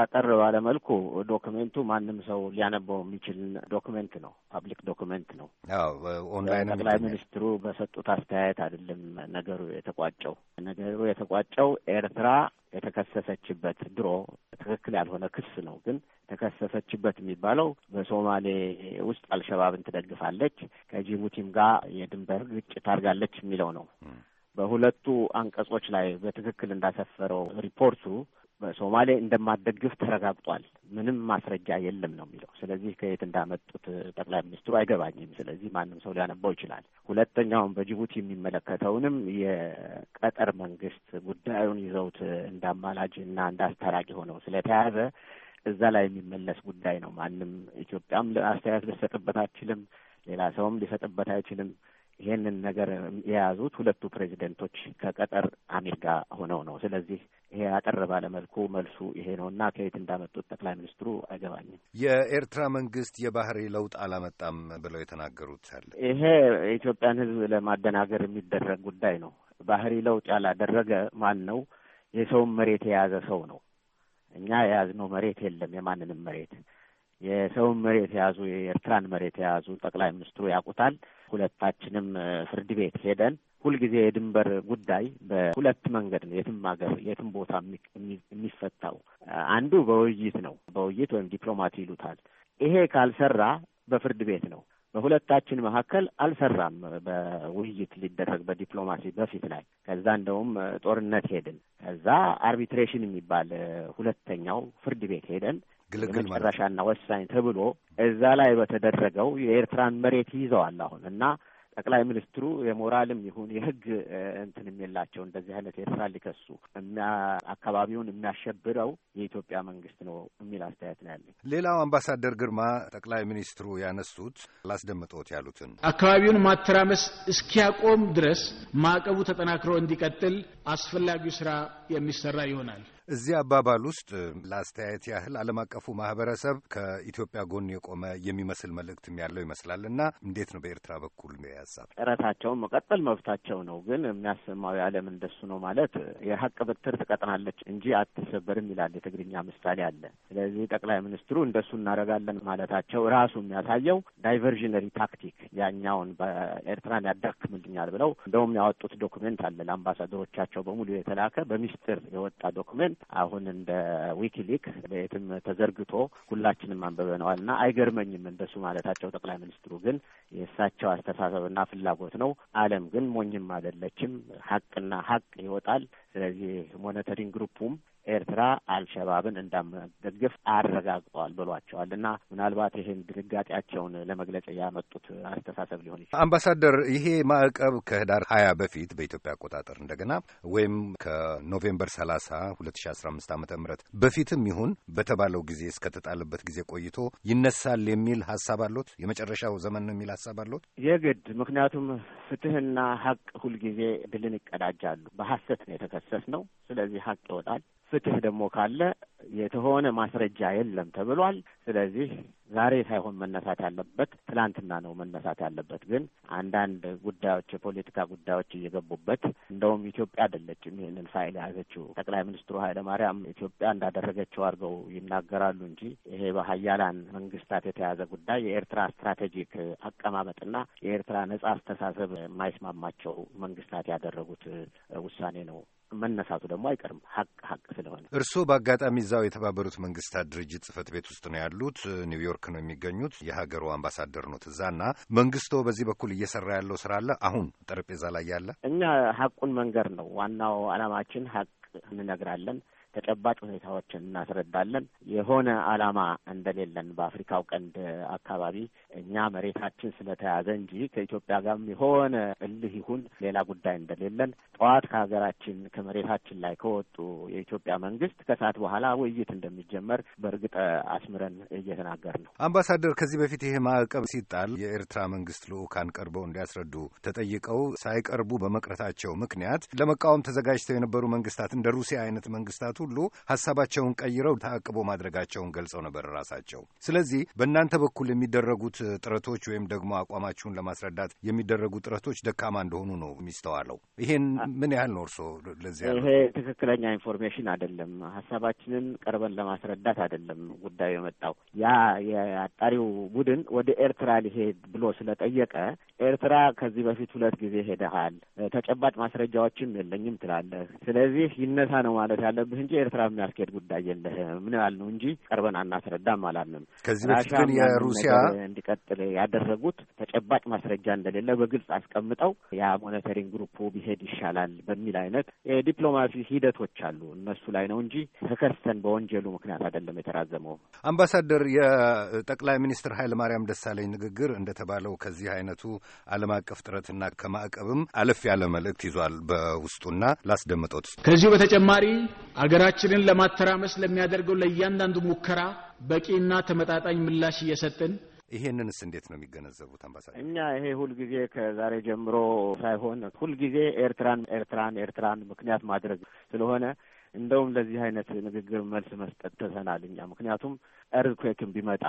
አጠር ባለመልኩ ዶክመንቱ ማንም ሰው ሊያነበው የሚችል ዶክመንት ነው። ፐብሊክ ዶክመንት ነው። ኦንላይን ጠቅላይ ሚኒስትሩ በሰጡት አስተያየት አይደለም ነገሩ የተቋጨው። ነገሩ የተቋጨው ኤርትራ የተከሰሰችበት ድሮ ትክክል ያልሆነ ክስ ነው። ግን ተከሰሰችበት የሚባለው በሶማሌ ውስጥ አልሸባብን ትደግፋለች፣ ከጅቡቲም ጋር የድንበር ግጭት አድርጋለች የሚለው ነው። በሁለቱ አንቀጾች ላይ በትክክል እንዳሰፈረው ሪፖርቱ በሶማሌ እንደማደግፍ ተረጋግጧል፣ ምንም ማስረጃ የለም ነው የሚለው። ስለዚህ ከየት እንዳመጡት ጠቅላይ ሚኒስትሩ አይገባኝም። ስለዚህ ማንም ሰው ሊያነባው ይችላል። ሁለተኛውም በጅቡቲ የሚመለከተውንም የቀጠር መንግስት ጉዳዩን ይዘውት እንዳማላጅ እና እንዳስተራቂ ሆነው ስለተያዘ እዛ ላይ የሚመለስ ጉዳይ ነው። ማንም ኢትዮጵያም አስተያየት ልሰጥበት አትችልም። ሌላ ሰውም ሊሰጥበት አይችልም። ይሄንን ነገር የያዙት ሁለቱ ፕሬዚደንቶች ከቀጠር አሚር ጋር ሆነው ነው። ስለዚህ ይሄ አጠር ባለመልኩ መልሱ ይሄ ነው እና ከየት እንዳመጡት ጠቅላይ ሚኒስትሩ አይገባኝም። የኤርትራ መንግስት የባህሪ ለውጥ አላመጣም ብለው የተናገሩት አለ። ይሄ የኢትዮጵያን ሕዝብ ለማደናገር የሚደረግ ጉዳይ ነው። ባህሪ ለውጥ ያላደረገ ማን ነው? የሰውን መሬት የያዘ ሰው ነው። እኛ የያዝነው መሬት የለም፣ የማንንም መሬት የሰውን መሬት የያዙ የኤርትራን መሬት የያዙ ጠቅላይ ሚኒስትሩ ያውቁታል። ሁለታችንም ፍርድ ቤት ሄደን ሁልጊዜ የድንበር ጉዳይ በሁለት መንገድ ነው የትም ሀገር የትም ቦታ የሚፈታው። አንዱ በውይይት ነው፣ በውይይት ወይም ዲፕሎማት ይሉታል። ይሄ ካልሰራ በፍርድ ቤት ነው። በሁለታችን መካከል አልሰራም። በውይይት ሊደረግ በዲፕሎማሲ በፊት ላይ ከዛ እንደውም ጦርነት ሄድን። ከዛ አርቢትሬሽን የሚባል ሁለተኛው ፍርድ ቤት ሄደን የመጨረሻና ወሳኝ ተብሎ እዛ ላይ በተደረገው የኤርትራን መሬት ይዘዋል አሁን እና ጠቅላይ ሚኒስትሩ የሞራልም ይሁን የሕግ እንትን የሚላቸው እንደዚህ አይነት ኤርትራ ሊከሱ አካባቢውን የሚያሸብረው የኢትዮጵያ መንግስት ነው የሚል አስተያየት ነው ያለኝ። ሌላው አምባሳደር ግርማ ጠቅላይ ሚኒስትሩ ያነሱት ላስደምጦት ያሉትን አካባቢውን ማተራመስ እስኪያቆም ድረስ ማዕቀቡ ተጠናክሮ እንዲቀጥል አስፈላጊው ስራ የሚሰራ ይሆናል። እዚህ አባባል ውስጥ ለአስተያየት ያህል ዓለም አቀፉ ማህበረሰብ ከኢትዮጵያ ጎን የቆመ የሚመስል መልእክትም ያለው ይመስላል እና እንዴት ነው በኤርትራ በኩል ያሳብ ጥረታቸውን መቀጠል መብታቸው ነው። ግን የሚያሰማው የዓለም እንደሱ ነው ማለት የሀቅ ብትር ትቀጥናለች እንጂ አትሰበርም ይላል የትግርኛ ምሳሌ አለ። ስለዚህ ጠቅላይ ሚኒስትሩ እንደሱ እናደርጋለን ማለታቸው ራሱ የሚያሳየው ዳይቨርዥነሪ ታክቲክ ያኛውን በኤርትራን ያዳክምልኛል ብለው እንደውም ያወጡት ዶኩሜንት አለ ለአምባሳደሮቻቸው በሙሉ የተላከ በሚስጥር የወጣ ዶኩሜንት ግን አሁን እንደ ዊኪሊክ በየትም ተዘርግቶ ሁላችንም አንበበነዋል እና አይገርመኝም እንደሱ ማለታቸው። ጠቅላይ ሚኒስትሩ ግን የእሳቸው አስተሳሰብና ፍላጎት ነው። ዓለም ግን ሞኝም አይደለችም። ሀቅና ሀቅ ይወጣል። ስለዚህ ሞኒተሪንግ ግሩፑም ኤርትራ አልሸባብን እንዳመደግፍ አረጋግጠዋል ብሏቸዋል። እና ምናልባት ይህን ድንጋጤያቸውን ለመግለጽ ያመጡት አስተሳሰብ ሊሆን ይችላል። አምባሳደር፣ ይሄ ማዕቀብ ከህዳር ሀያ በፊት በኢትዮጵያ አቆጣጠር እንደገና ወይም ከኖቬምበር ሰላሳ ሁለት ሺ አስራ አምስት ዓመተ ምህረት በፊትም ይሁን በተባለው ጊዜ እስከተጣለበት ጊዜ ቆይቶ ይነሳል የሚል ሀሳብ አሎት? የመጨረሻው ዘመን ነው የሚል ሀሳብ አሎት? የግድ ምክንያቱም ፍትህና ሀቅ ሁልጊዜ ድልን ይቀዳጃሉ። በሀሰት ነው የተከሰስ ነው። ስለዚህ ሀቅ ይወጣል። ፍትህ ደግሞ ካለ የተሆነ ማስረጃ የለም ተብሏል። ስለዚህ ዛሬ ሳይሆን መነሳት ያለበት ትላንትና ነው መነሳት ያለበት። ግን አንዳንድ ጉዳዮች፣ የፖለቲካ ጉዳዮች እየገቡበት እንደውም ኢትዮጵያ አይደለችም ይህንን ፋይል የያዘችው ጠቅላይ ሚኒስትሩ ኃይለማርያም ኢትዮጵያ እንዳደረገችው አድርገው ይናገራሉ እንጂ ይሄ በሀያላን መንግስታት የተያዘ ጉዳይ የኤርትራ ስትራቴጂክ አቀማመጥና የኤርትራ ነጻ አስተሳሰብ የማይስማማቸው መንግስታት ያደረጉት ውሳኔ ነው። መነሳቱ ደግሞ አይቀርም ሀቅ ሀቅ ስለሆነ። እርስዎ በአጋጣሚ እዛው የተባበሩት መንግስታት ድርጅት ጽህፈት ቤት ውስጥ ነው ያሉ ያሉት ኒውዮርክ ነው የሚገኙት። የሀገሩ አምባሳደር ኖት እዛና መንግስቶ በዚህ በኩል እየሰራ ያለው ስራ አለ አሁን ጠረጴዛ ላይ ያለ እኛ ሀቁን መንገር ነው ዋናው አላማችን ሀቅ እንነግራለን። ተጨባጭ ሁኔታዎችን እናስረዳለን። የሆነ ዓላማ እንደሌለን በአፍሪካው ቀንድ አካባቢ እኛ መሬታችን ስለተያዘ እንጂ ከኢትዮጵያ ጋርም የሆነ እልህ ይሁን ሌላ ጉዳይ እንደሌለን ጠዋት ከሀገራችን ከመሬታችን ላይ ከወጡ የኢትዮጵያ መንግስት ከሰዓት በኋላ ውይይት እንደሚጀመር በእርግጥ አስምረን እየተናገር ነው። አምባሳደር፣ ከዚህ በፊት ይሄ ማዕቀብ ሲጣል የኤርትራ መንግስት ልዑካን ቀርበው እንዲያስረዱ ተጠይቀው ሳይቀርቡ በመቅረታቸው ምክንያት ለመቃወም ተዘጋጅተው የነበሩ መንግስታት እንደ ሩሲያ አይነት መንግስታቱ ሁሉ ሀሳባቸውን ቀይረው ተአቅቦ ማድረጋቸውን ገልጸው ነበር ራሳቸው። ስለዚህ በእናንተ በኩል የሚደረጉት ጥረቶች ወይም ደግሞ አቋማችሁን ለማስረዳት የሚደረጉ ጥረቶች ደካማ እንደሆኑ ነው የሚስተዋለው። ይሄን ምን ያህል ነው እርስዎ ለዚህ ይሄ ትክክለኛ ኢንፎርሜሽን አይደለም። ሀሳባችንን ቀርበን ለማስረዳት አይደለም ጉዳዩ የመጣው ያ የአጣሪው ቡድን ወደ ኤርትራ ሊሄድ ብሎ ስለጠየቀ ኤርትራ ከዚህ በፊት ሁለት ጊዜ ሄደሃል፣ ተጨባጭ ማስረጃዎችም የለኝም ትላለህ። ስለዚህ ይነሳ ነው ማለት ያለብህ እንጂ ኤርትራ የሚያስኬድ ጉዳይ የለህም ነው እንጂ ቀርበን አናስረዳም አላልንም። ከዚህ በፊት ግን የሩሲያ እንዲቀጥል ያደረጉት ተጨባጭ ማስረጃ እንደሌለ በግልጽ አስቀምጠው ያ ሞኒተሪንግ ግሩፑ ቢሄድ ይሻላል በሚል አይነት የዲፕሎማሲ ሂደቶች አሉ። እነሱ ላይ ነው እንጂ ተከስተን በወንጀሉ ምክንያት አይደለም የተራዘመው። አምባሳደር፣ የጠቅላይ ሚኒስትር ኃይለማርያም ማርያም ደሳለኝ ንግግር እንደተባለው ከዚህ አይነቱ ዓለም አቀፍ ጥረትና ከማዕቀብም አለፍ ያለ መልእክት ይዟል በውስጡና ላስደምጦት። ከዚሁ በተጨማሪ አገራችንን ለማተራመስ ለሚያደርገው ለእያንዳንዱ ሙከራ በቂና ተመጣጣኝ ምላሽ እየሰጥን ይሄንንስ እንዴት ነው የሚገነዘቡት አምባሳደር? እኛ ይሄ ሁልጊዜ ከዛሬ ጀምሮ ሳይሆን ሁልጊዜ ኤርትራን ኤርትራን ኤርትራን ምክንያት ማድረግ ስለሆነ እንደውም ለዚህ አይነት ንግግር መልስ መስጠት ተሰናል እኛ ምክንያቱም እርኩክም ቢመጣ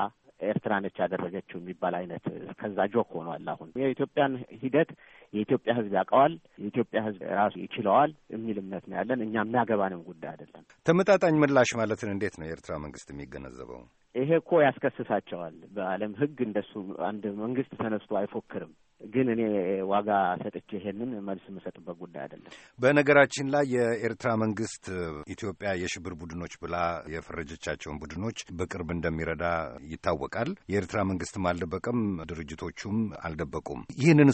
ኤርትራ ነች ያደረገችው የሚባል አይነት ከዛ ጆክ ሆኗል። አሁን የኢትዮጵያን ሂደት የኢትዮጵያ ሕዝብ ያውቀዋል፣ የኢትዮጵያ ሕዝብ ራሱ ይችለዋል የሚል እምነት ነው ያለን። እኛ የሚያገባንም ጉዳይ አይደለም። ተመጣጣኝ ምላሽ ማለትን እንዴት ነው የኤርትራ መንግስት የሚገነዘበው? ይሄ እኮ ያስከስሳቸዋል። በዓለም ሕግ እንደሱ አንድ መንግስት ተነስቶ አይፎክርም። ግን እኔ ዋጋ ሰጥቼ ይሄንን መልስ የምሰጥበት ጉዳይ አይደለም። በነገራችን ላይ የኤርትራ መንግስት ኢትዮጵያ የሽብር ቡድኖች ብላ የፈረጀቻቸውን ቡድኖች በቅርብ እንደሚረዳ ይታወቃል። የኤርትራ መንግስትም አልደበቀም፣ ድርጅቶቹም አልደበቁም።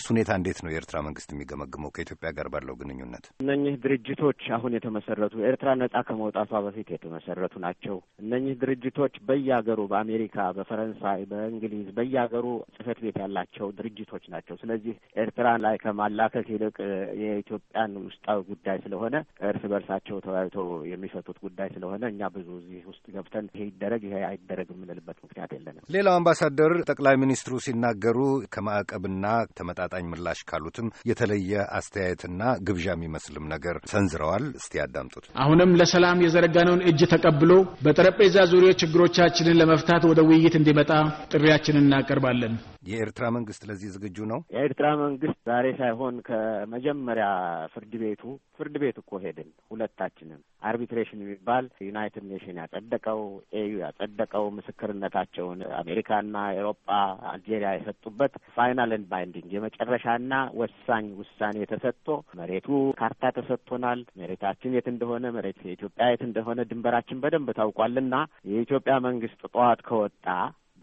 እሱ ሁኔታ እንዴት ነው የኤርትራ መንግስት የሚገመግመው? ከኢትዮጵያ ጋር ባለው ግንኙነት እነኚህ ድርጅቶች አሁን የተመሰረቱ ኤርትራ ነጻ ከመውጣቷ በፊት የተመሰረቱ ናቸው። እነኚህ ድርጅቶች በየሀገሩ በአሜሪካ፣ በፈረንሳይ፣ በእንግሊዝ በየሀገሩ ጽህፈት ቤት ያላቸው ድርጅቶች ናቸው። ናቸው። ስለዚህ ኤርትራ ላይ ከማላከክ ይልቅ የኢትዮጵያን ውስጣዊ ጉዳይ ስለሆነ እርስ በርሳቸው ተወያይቶ የሚፈቱት ጉዳይ ስለሆነ እኛ ብዙ እዚህ ውስጥ ገብተን ይሄ ይደረግ ይሄ አይደረግ የምንልበት ምክንያት የለንም። ሌላው አምባሳደር ጠቅላይ ሚኒስትሩ ሲናገሩ ከማዕቀብና ተመጣጣኝ ምላሽ ካሉትም የተለየ አስተያየትና ግብዣ የሚመስልም ነገር ሰንዝረዋል። እስቲ ያዳምጡት። አሁንም ለሰላም የዘረጋነውን እጅ ተቀብሎ በጠረጴዛ ዙሪያ ችግሮቻችንን ለመፍታት ወደ ውይይት እንዲመጣ ጥሪያችንን እናቀርባለን። የኤርትራ መንግስት ለዚህ ዝግጁ ነው? የኤርትራ መንግስት ዛሬ ሳይሆን ከመጀመሪያ ፍርድ ቤቱ ፍርድ ቤት እኮ ሄድን ሁለታችንም። አርቢትሬሽን የሚባል ዩናይትድ ኔሽን ያጸደቀው ኤዩ ያጸደቀው ምስክርነታቸውን አሜሪካና ኤሮጳ፣ አልጄሪያ የሰጡበት ፋይናል ኤንድ ባይንዲንግ የመጨረሻና ወሳኝ ውሳኔ ተሰጥቶ መሬቱ ካርታ ተሰጥቶናል። መሬታችን የት እንደሆነ መሬት የኢትዮጵያ የት እንደሆነ ድንበራችን በደንብ ታውቋልና የኢትዮጵያ መንግስት ጠዋት ከወጣ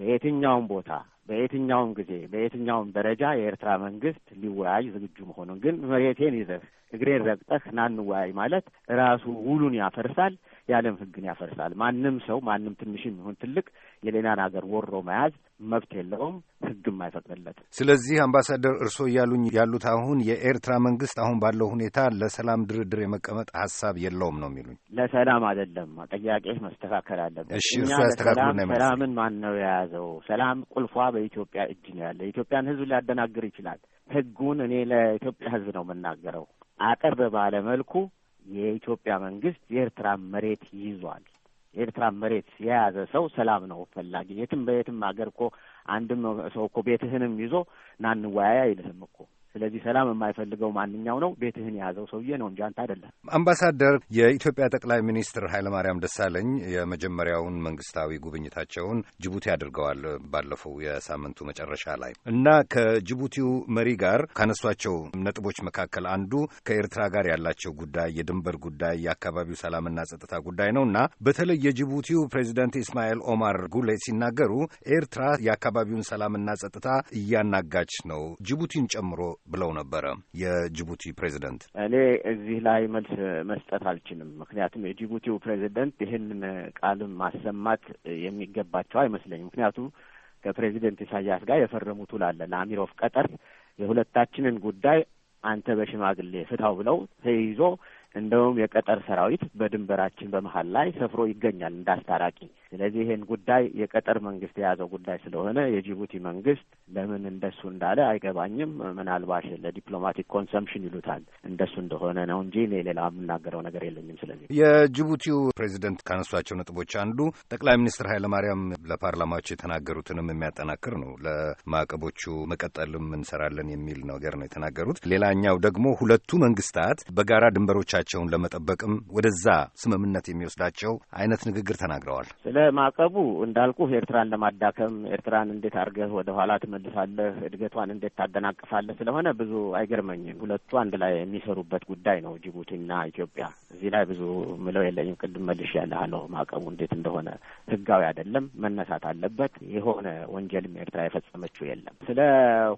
በየትኛውም ቦታ በየትኛውም ጊዜ በየትኛውም ደረጃ የኤርትራ መንግስት ሊወያይ ዝግጁ መሆኑን ግን መሬቴን ይዘህ እግሬን ረግጠህ ና እንወያይ ማለት ራሱ ውሉን ያፈርሳል፣ የዓለም ህግን ያፈርሳል። ማንም ሰው ማንም ትንሽም ይሁን ትልቅ የሌላን ሀገር ወሮ መያዝ መብት የለውም፣ ህግም አይፈቅድለት። ስለዚህ አምባሳደር እርስዎ እያሉኝ ያሉት አሁን የኤርትራ መንግስት አሁን ባለው ሁኔታ ለሰላም ድርድር የመቀመጥ ሀሳብ የለውም ነው የሚሉኝ? ለሰላም አይደለም፣ ጥያቄ መስተካከል አለበት። እሺ፣ እርስዎ ሰላምን ማን ነው የያዘው? ሰላም ቁልፏ በኢትዮጵያ እጅ ነው ያለ። የኢትዮጵያን ህዝብ ሊያደናግር ይችላል። ህጉን እኔ ለኢትዮጵያ ህዝብ ነው የምናገረው። አጠር ባለ መልኩ የኢትዮጵያ መንግስት የኤርትራ መሬት ይዟል። የኤርትራ መሬት የያዘ ሰው ሰላም ነው ፈላጊ። የትም በየትም አገር እኮ አንድም ሰው እኮ ቤትህንም ይዞ ና እንወያያ አይልህም እኮ ስለዚህ ሰላም የማይፈልገው ማንኛው ነው ቤትህን የያዘው ሰውዬ ነው እንጂ አንተ አይደለም። አምባሳደር፣ የኢትዮጵያ ጠቅላይ ሚኒስትር ኃይለማርያም ደሳለኝ የመጀመሪያውን መንግስታዊ ጉብኝታቸውን ጅቡቲ አድርገዋል ባለፈው የሳምንቱ መጨረሻ ላይ እና ከጅቡቲው መሪ ጋር ካነሷቸው ነጥቦች መካከል አንዱ ከኤርትራ ጋር ያላቸው ጉዳይ፣ የድንበር ጉዳይ፣ የአካባቢው ሰላምና ጸጥታ ጉዳይ ነው እና በተለይ የጅቡቲው ፕሬዚደንት ኢስማኤል ኦማር ጉሌ ሲናገሩ ኤርትራ የአካባቢውን ሰላምና ጸጥታ እያናጋች ነው ጅቡቲን ጨምሮ ብለው ነበረ የጅቡቲ ፕሬዚደንት። እኔ እዚህ ላይ መልስ መስጠት አልችልም፣ ምክንያቱም የጅቡቲው ፕሬዚደንት ይህንን ቃልም ማሰማት የሚገባቸው አይመስለኝም። ምክንያቱም ከፕሬዚደንት ኢሳያስ ጋር የፈረሙት ውል አለ ለአሚር ኦፍ ቀጠር የሁለታችንን ጉዳይ አንተ በሽማግሌ ፍታው ብለው ተይዞ እንደውም የቀጠር ሰራዊት በድንበራችን በመሀል ላይ ሰፍሮ ይገኛል እንዳስታራቂ ስለዚህ ይሄን ጉዳይ የቀጠር መንግስት የያዘው ጉዳይ ስለሆነ የጅቡቲ መንግስት ለምን እንደሱ እንዳለ አይገባኝም። ምናልባት ለዲፕሎማቲክ ኮንሰምፕሽን ይሉታል እንደሱ እንደሆነ ነው እንጂ እኔ ሌላ የምናገረው ነገር የለኝም። ስለዚህ የጅቡቲው ፕሬዚደንት ካነሷቸው ነጥቦች አንዱ ጠቅላይ ሚኒስትር ኃይለማርያም ለፓርላማቸው የተናገሩትንም የሚያጠናክር ነው። ለማዕቀቦቹ መቀጠልም እንሰራለን የሚል ነገር ነው የተናገሩት። ሌላኛው ደግሞ ሁለቱ መንግስታት በጋራ ድንበሮቻቸውን ለመጠበቅም ወደዛ ስምምነት የሚወስዳቸው አይነት ንግግር ተናግረዋል። ለማዕቀቡ እንዳልኩ ኤርትራን ለማዳከም ኤርትራን እንዴት አድርገህ ወደ ኋላ ትመልሳለህ፣ እድገቷን እንዴት ታደናቅፋለህ ስለሆነ ብዙ አይገርመኝም። ሁለቱ አንድ ላይ የሚሰሩበት ጉዳይ ነው ጅቡቲና ኢትዮጵያ። እዚህ ላይ ብዙ ምለው የለኝም። ቅድም መልሽ ያለሃለው ማዕቀቡ እንዴት እንደሆነ ህጋዊ አይደለም፣ መነሳት አለበት። የሆነ ወንጀልም ኤርትራ የፈጸመችው የለም። ስለ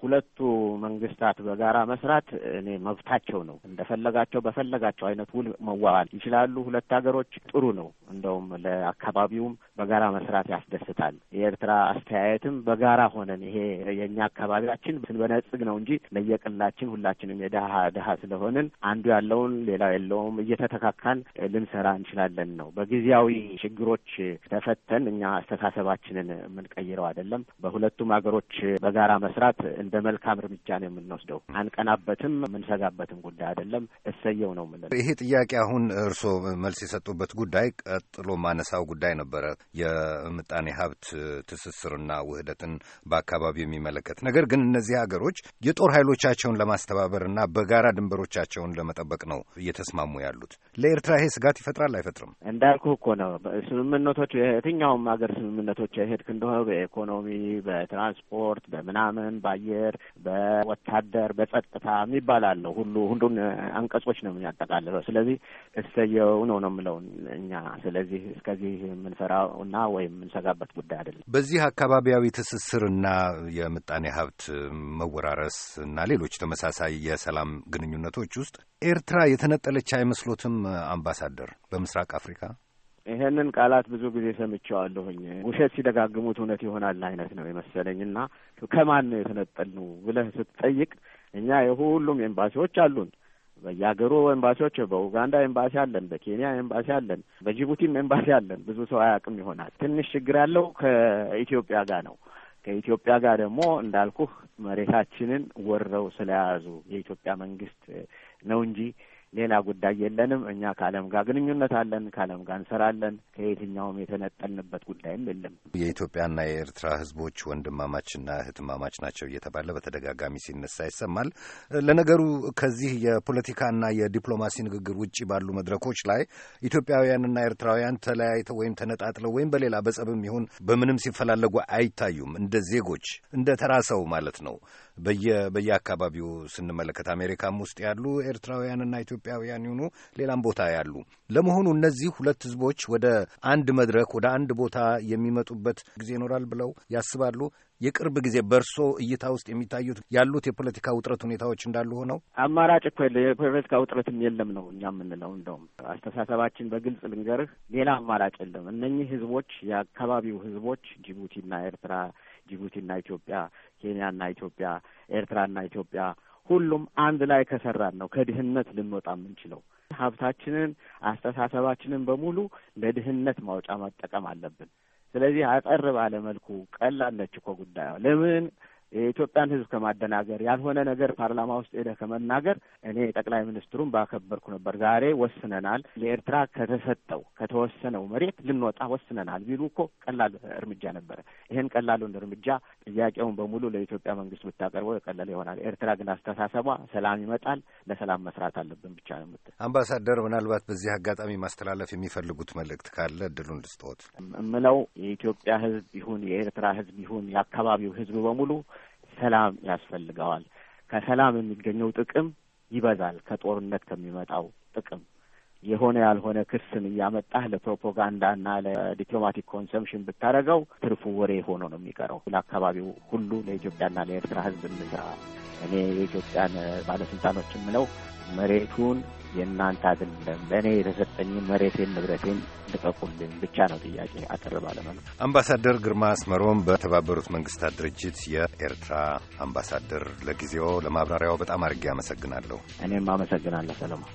ሁለቱ መንግስታት በጋራ መስራት እኔ መብታቸው ነው። እንደፈለጋቸው በፈለጋቸው አይነት ውል መዋዋል ይችላሉ ሁለት ሀገሮች። ጥሩ ነው እንደውም ለአካባቢውም በጋራ መስራት ያስደስታል። የኤርትራ አስተያየትም በጋራ ሆነን ይሄ የእኛ አካባቢያችን ስንበነጽግ ነው እንጂ ለየቅላችን ሁላችንም የድሀ ድሀ ስለሆንን አንዱ ያለውን ሌላው የለውም እየተተካካን ልንሰራ እንችላለን ነው። በጊዜያዊ ችግሮች ተፈተን እኛ አስተሳሰባችንን የምንቀይረው አይደለም። በሁለቱም ሀገሮች በጋራ መስራት እንደ መልካም እርምጃ ነው የምንወስደው። አንቀናበትም፣ የምንሰጋበትም ጉዳይ አይደለም። እሰየው ነው የምንለው። ይሄ ጥያቄ አሁን እርስዎ መልስ የሰጡበት ጉዳይ ቀጥሎ ማነሳው ጉዳይ ነበረ። የምጣኔ ሀብት ትስስርና ውህደትን በአካባቢው የሚመለከት ነገር ግን እነዚህ ሀገሮች የጦር ኃይሎቻቸውን ለማስተባበርና በጋራ ድንበሮቻቸውን ለመጠበቅ ነው እየተስማሙ ያሉት። ለኤርትራ ይሄ ስጋት ይፈጥራል አይፈጥርም? እንዳልኩ እኮ ነው ስምምነቶች፣ የትኛውም ሀገር ስምምነቶች የሄድክ እንደሆነ በኢኮኖሚ፣ በትራንስፖርት፣ በምናምን፣ በአየር፣ በወታደር፣ በጸጥታ የሚባል አለው። ሁሉ ሁሉን አንቀጾች ነው የሚያጠቃልለው። ስለዚህ እሰየው ነው ነው የምለው እኛ ስለዚህ እስከዚህ የምንፈራው ነውና ወይም የምንሰጋበት ጉዳይ አይደለም። በዚህ አካባቢያዊ ትስስርና የምጣኔ ሀብት መወራረስ እና ሌሎች ተመሳሳይ የሰላም ግንኙነቶች ውስጥ ኤርትራ የተነጠለች አይመስሎትም? አምባሳደር በምስራቅ አፍሪካ ይሄንን ቃላት ብዙ ጊዜ ሰምቼዋለሁኝ። ውሸት ሲደጋግሙት እውነት ይሆናል አይነት ነው የመሰለኝ እና ከማን ነው የተነጠልነው ብለህ ስትጠይቅ እኛ የሁሉም ኤምባሲዎች አሉን በየሀገሩ ኤምባሲዎች በኡጋንዳ ኤምባሲ አለን፣ በኬንያ ኤምባሲ አለን፣ በጅቡቲም ኤምባሲ አለን። ብዙ ሰው አያውቅም ይሆናል። ትንሽ ችግር ያለው ከኢትዮጵያ ጋር ነው። ከኢትዮጵያ ጋር ደግሞ እንዳልኩህ መሬታችንን ወረው ስለያዙ የኢትዮጵያ መንግስት ነው እንጂ ሌላ ጉዳይ የለንም። እኛ ከዓለም ጋር ግንኙነት አለን፣ ከዓለም ጋር እንሰራለን። ከየትኛውም የተነጠልንበት ጉዳይም የለም። የኢትዮጵያና የኤርትራ ህዝቦች ወንድማማችና እህትማማች ናቸው እየተባለ በተደጋጋሚ ሲነሳ ይሰማል። ለነገሩ ከዚህ የፖለቲካና የዲፕሎማሲ ንግግር ውጭ ባሉ መድረኮች ላይ ኢትዮጵያውያንና ኤርትራውያን ተለያይተው ወይም ተነጣጥለው ወይም በሌላ በጸብም ይሁን በምንም ሲፈላለጉ አይታዩም። እንደ ዜጎች እንደ ተራ ሰው ማለት ነው። በየአካባቢው ስንመለከት አሜሪካም ውስጥ ያሉ ኤርትራውያንና ኢትዮጵያውያን ይሁኑ ሌላም ቦታ ያሉ፣ ለመሆኑ እነዚህ ሁለት ህዝቦች ወደ አንድ መድረክ ወደ አንድ ቦታ የሚመጡበት ጊዜ ይኖራል ብለው ያስባሉ? የቅርብ ጊዜ በእርሶ እይታ ውስጥ የሚታዩት ያሉት የፖለቲካ ውጥረት ሁኔታዎች እንዳሉ ሆነው አማራጭ እኮ የለ የፖለቲካ ውጥረትም የለም ነው እኛ የምንለው። እንደውም አስተሳሰባችን በግልጽ ልንገርህ፣ ሌላ አማራጭ የለም። እነኚህ ህዝቦች የአካባቢው ህዝቦች ጅቡቲና ኤርትራ ጅቡቲና ኢትዮጵያ ኬንያና ኢትዮጵያ፣ ኤርትራና ኢትዮጵያ ሁሉም አንድ ላይ ከሰራን ነው ከድህነት ልንወጣ የምንችለው። ሀብታችንን፣ አስተሳሰባችንን በሙሉ ለድህነት ማውጫ መጠቀም አለብን። ስለዚህ አጠር ባለ መልኩ ቀላል ነች እኮ ጉዳዩ። ለምን የኢትዮጵያን ሕዝብ ከማደናገር ያልሆነ ነገር ፓርላማ ውስጥ ሄደህ ከመናገር እኔ ጠቅላይ ሚኒስትሩን ባከበርኩ ነበር። ዛሬ ወስነናል፣ ለኤርትራ ከተሰጠው ከተወሰነው መሬት ልንወጣ ወስነናል ቢሉ እኮ ቀላል እርምጃ ነበረ። ይህን ቀላሉን እርምጃ ጥያቄውን በሙሉ ለኢትዮጵያ መንግስት ብታቀርበው የቀለለ ይሆናል። ኤርትራ ግን አስተሳሰቧ ሰላም ይመጣል፣ ለሰላም መስራት አለብን ብቻ ነው የምትል። አምባሳደር፣ ምናልባት በዚህ አጋጣሚ ማስተላለፍ የሚፈልጉት መልእክት ካለ እድሉን ልስጥዎት። እምለው የኢትዮጵያ ሕዝብ ይሁን የኤርትራ ሕዝብ ይሁን የአካባቢው ሕዝብ በሙሉ ሰላም ያስፈልገዋል። ከሰላም የሚገኘው ጥቅም ይበዛል ከጦርነት ከሚመጣው ጥቅም የሆነ ያልሆነ ክስን እያመጣህ ለፕሮፓጋንዳና ለዲፕሎማቲክ ኮንሰምሽን ብታደረገው ትርፉ ወሬ ሆኖ ነው የሚቀረው። ለአካባቢው ሁሉ ለኢትዮጵያና ለኤርትራ ሕዝብ እንዛ እኔ የኢትዮጵያን ባለስልጣኖች የምለው መሬቱን የእናንተ አይደለም፣ ለእኔ የተሰጠኝ መሬቴን ንብረቴን ልቀቁልን ብቻ ነው ጥያቄ። አጠር ባለመልኩ አምባሳደር ግርማ አስመሮም በተባበሩት መንግስታት ድርጅት የኤርትራ አምባሳደር፣ ለጊዜው ለማብራሪያው በጣም አድርጌ አመሰግናለሁ። እኔም አመሰግናለሁ ሰለሞን።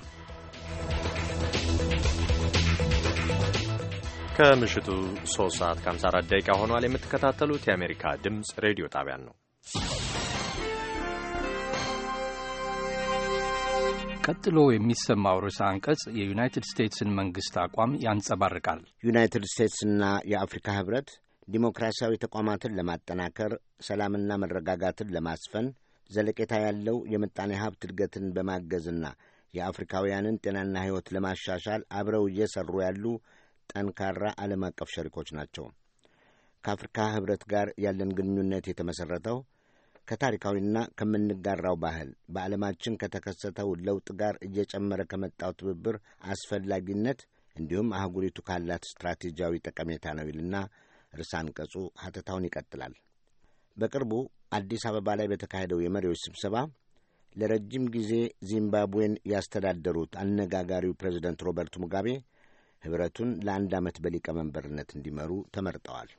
ከምሽቱ 3 ሰዓት ከ54 ደቂቃ ሆኗል። የምትከታተሉት የአሜሪካ ድምፅ ሬዲዮ ጣቢያን ነው። ቀጥሎ የሚሰማው ርዕሰ አንቀጽ የዩናይትድ ስቴትስን መንግሥት አቋም ያንጸባርቃል። ዩናይትድ ስቴትስና የአፍሪካ ኅብረት ዲሞክራሲያዊ ተቋማትን ለማጠናከር ሰላምና መረጋጋትን ለማስፈን ዘለቄታ ያለው የምጣኔ ሀብት እድገትን በማገዝና የአፍሪካውያንን ጤናና ሕይወት ለማሻሻል አብረው እየሰሩ ያሉ ጠንካራ ዓለም አቀፍ ሸሪኮች ናቸው። ከአፍሪካ ኅብረት ጋር ያለን ግንኙነት የተመሠረተው ከታሪካዊና ከምንጋራው ባህል በዓለማችን ከተከሰተው ለውጥ ጋር እየጨመረ ከመጣው ትብብር አስፈላጊነት እንዲሁም አህጉሪቱ ካላት ስትራቴጂያዊ ጠቀሜታ ነው ይልና ርዕሰ አንቀጹ ሀተታውን ይቀጥላል። በቅርቡ አዲስ አበባ ላይ በተካሄደው የመሪዎች ስብሰባ ለረጅም ጊዜ ዚምባብዌን ያስተዳደሩት አነጋጋሪው ፕሬዝደንት ሮበርት ሙጋቤ ኅብረቱን ለአንድ ዓመት በሊቀመንበርነት እንዲመሩ ተመርጠዋል።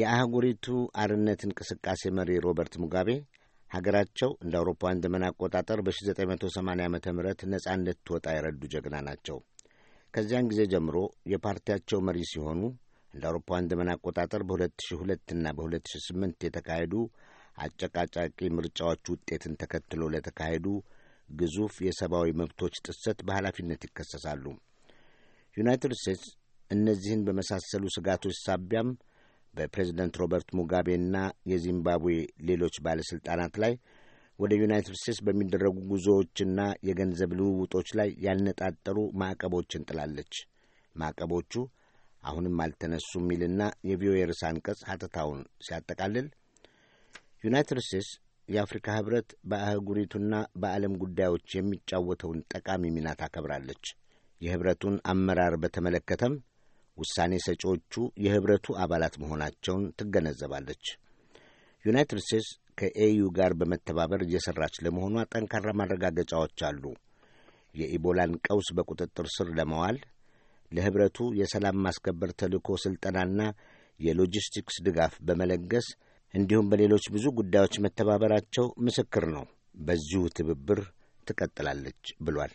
የአህጉሪቱ አርነት እንቅስቃሴ መሪ ሮበርት ሙጋቤ ሀገራቸው እንደ አውሮፓውያን ዘመን አቆጣጠር በ1980 ዓ ም ነጻ እንድትወጣ የረዱ ጀግና ናቸው። ከዚያን ጊዜ ጀምሮ የፓርቲያቸው መሪ ሲሆኑ እንደ አውሮፓውያን ዘመን አቆጣጠር በ2002 እና በ2008 የተካሄዱ አጨቃጫቂ ምርጫዎች ውጤትን ተከትሎ ለተካሄዱ ግዙፍ የሰብአዊ መብቶች ጥሰት በኃላፊነት ይከሰሳሉ። ዩናይትድ ስቴትስ እነዚህን በመሳሰሉ ስጋቶች ሳቢያም በፕሬዝደንት ሮበርት ሙጋቤና የዚምባብዌ ሌሎች ባለሥልጣናት ላይ ወደ ዩናይትድ ስቴትስ በሚደረጉ ጉዞዎችና የገንዘብ ልውውጦች ላይ ያነጣጠሩ ማዕቀቦችን ጥላለች። ማዕቀቦቹ አሁንም አልተነሱም የሚልና የቪኦኤ ርዕሰ አንቀጽ ሀተታውን ሲያጠቃልል ዩናይትድ ስቴትስ የአፍሪካ ህብረት በአህጉሪቱና በዓለም ጉዳዮች የሚጫወተውን ጠቃሚ ሚና ታከብራለች። የህብረቱን አመራር በተመለከተም ውሳኔ ሰጪዎቹ የህብረቱ አባላት መሆናቸውን ትገነዘባለች። ዩናይትድ ስቴትስ ከኤዩ ጋር በመተባበር እየሠራች ለመሆኗ ጠንካራ ማረጋገጫዎች አሉ። የኢቦላን ቀውስ በቁጥጥር ስር ለመዋል ለህብረቱ የሰላም ማስከበር ተልእኮ ሥልጠናና የሎጂስቲክስ ድጋፍ በመለገስ እንዲሁም በሌሎች ብዙ ጉዳዮች መተባበራቸው ምስክር ነው። በዚሁ ትብብር ትቀጥላለች ብሏል።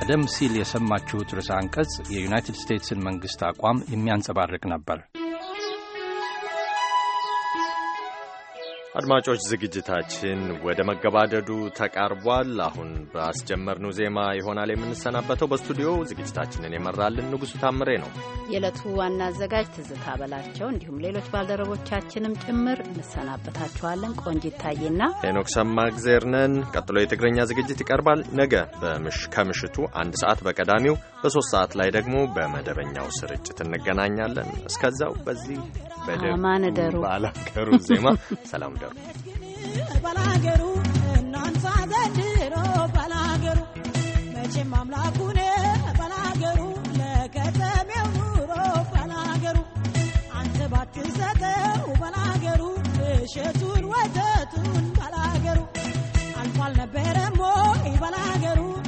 ቀደም ሲል የሰማችሁት ርዕሰ አንቀጽ የዩናይትድ ስቴትስን መንግሥት አቋም የሚያንጸባርቅ ነበር። አድማጮች ዝግጅታችን ወደ መገባደዱ ተቃርቧል። አሁን በአስጀመርነው ዜማ ይሆናል የምንሰናበተው። በስቱዲዮ ዝግጅታችንን የመራልን ንጉሱ ታምሬ ነው። የዕለቱ ዋና አዘጋጅ ትዝታ በላቸው፣ እንዲሁም ሌሎች ባልደረቦቻችንም ጭምር እንሰናበታችኋለን። ቆንጂት ይታይና ሄኖክ ሰማ ቀጥሎ የትግረኛ ዝግጅት ይቀርባል። ነገ ከምሽቱ አንድ ሰዓት በቀዳሚው በሶስት ሰዓት ላይ ደግሞ በመደበኛው ስርጭት እንገናኛለን። እስከዛው በዚህ በደማነደሩ ባላገሩ ዜማ ሰላም ደሩ ባላገሩ እናንሳ ዘንድሮ ባላገሩ መቼም አምላኩን ባላገሩ ለከተሜው ኑሮ ባላገሩ አንተ ባትሰጠው ባላገሩ እሸቱን ወተቱን ባላገሩ አልፏል ነበረሞ ባላገሩ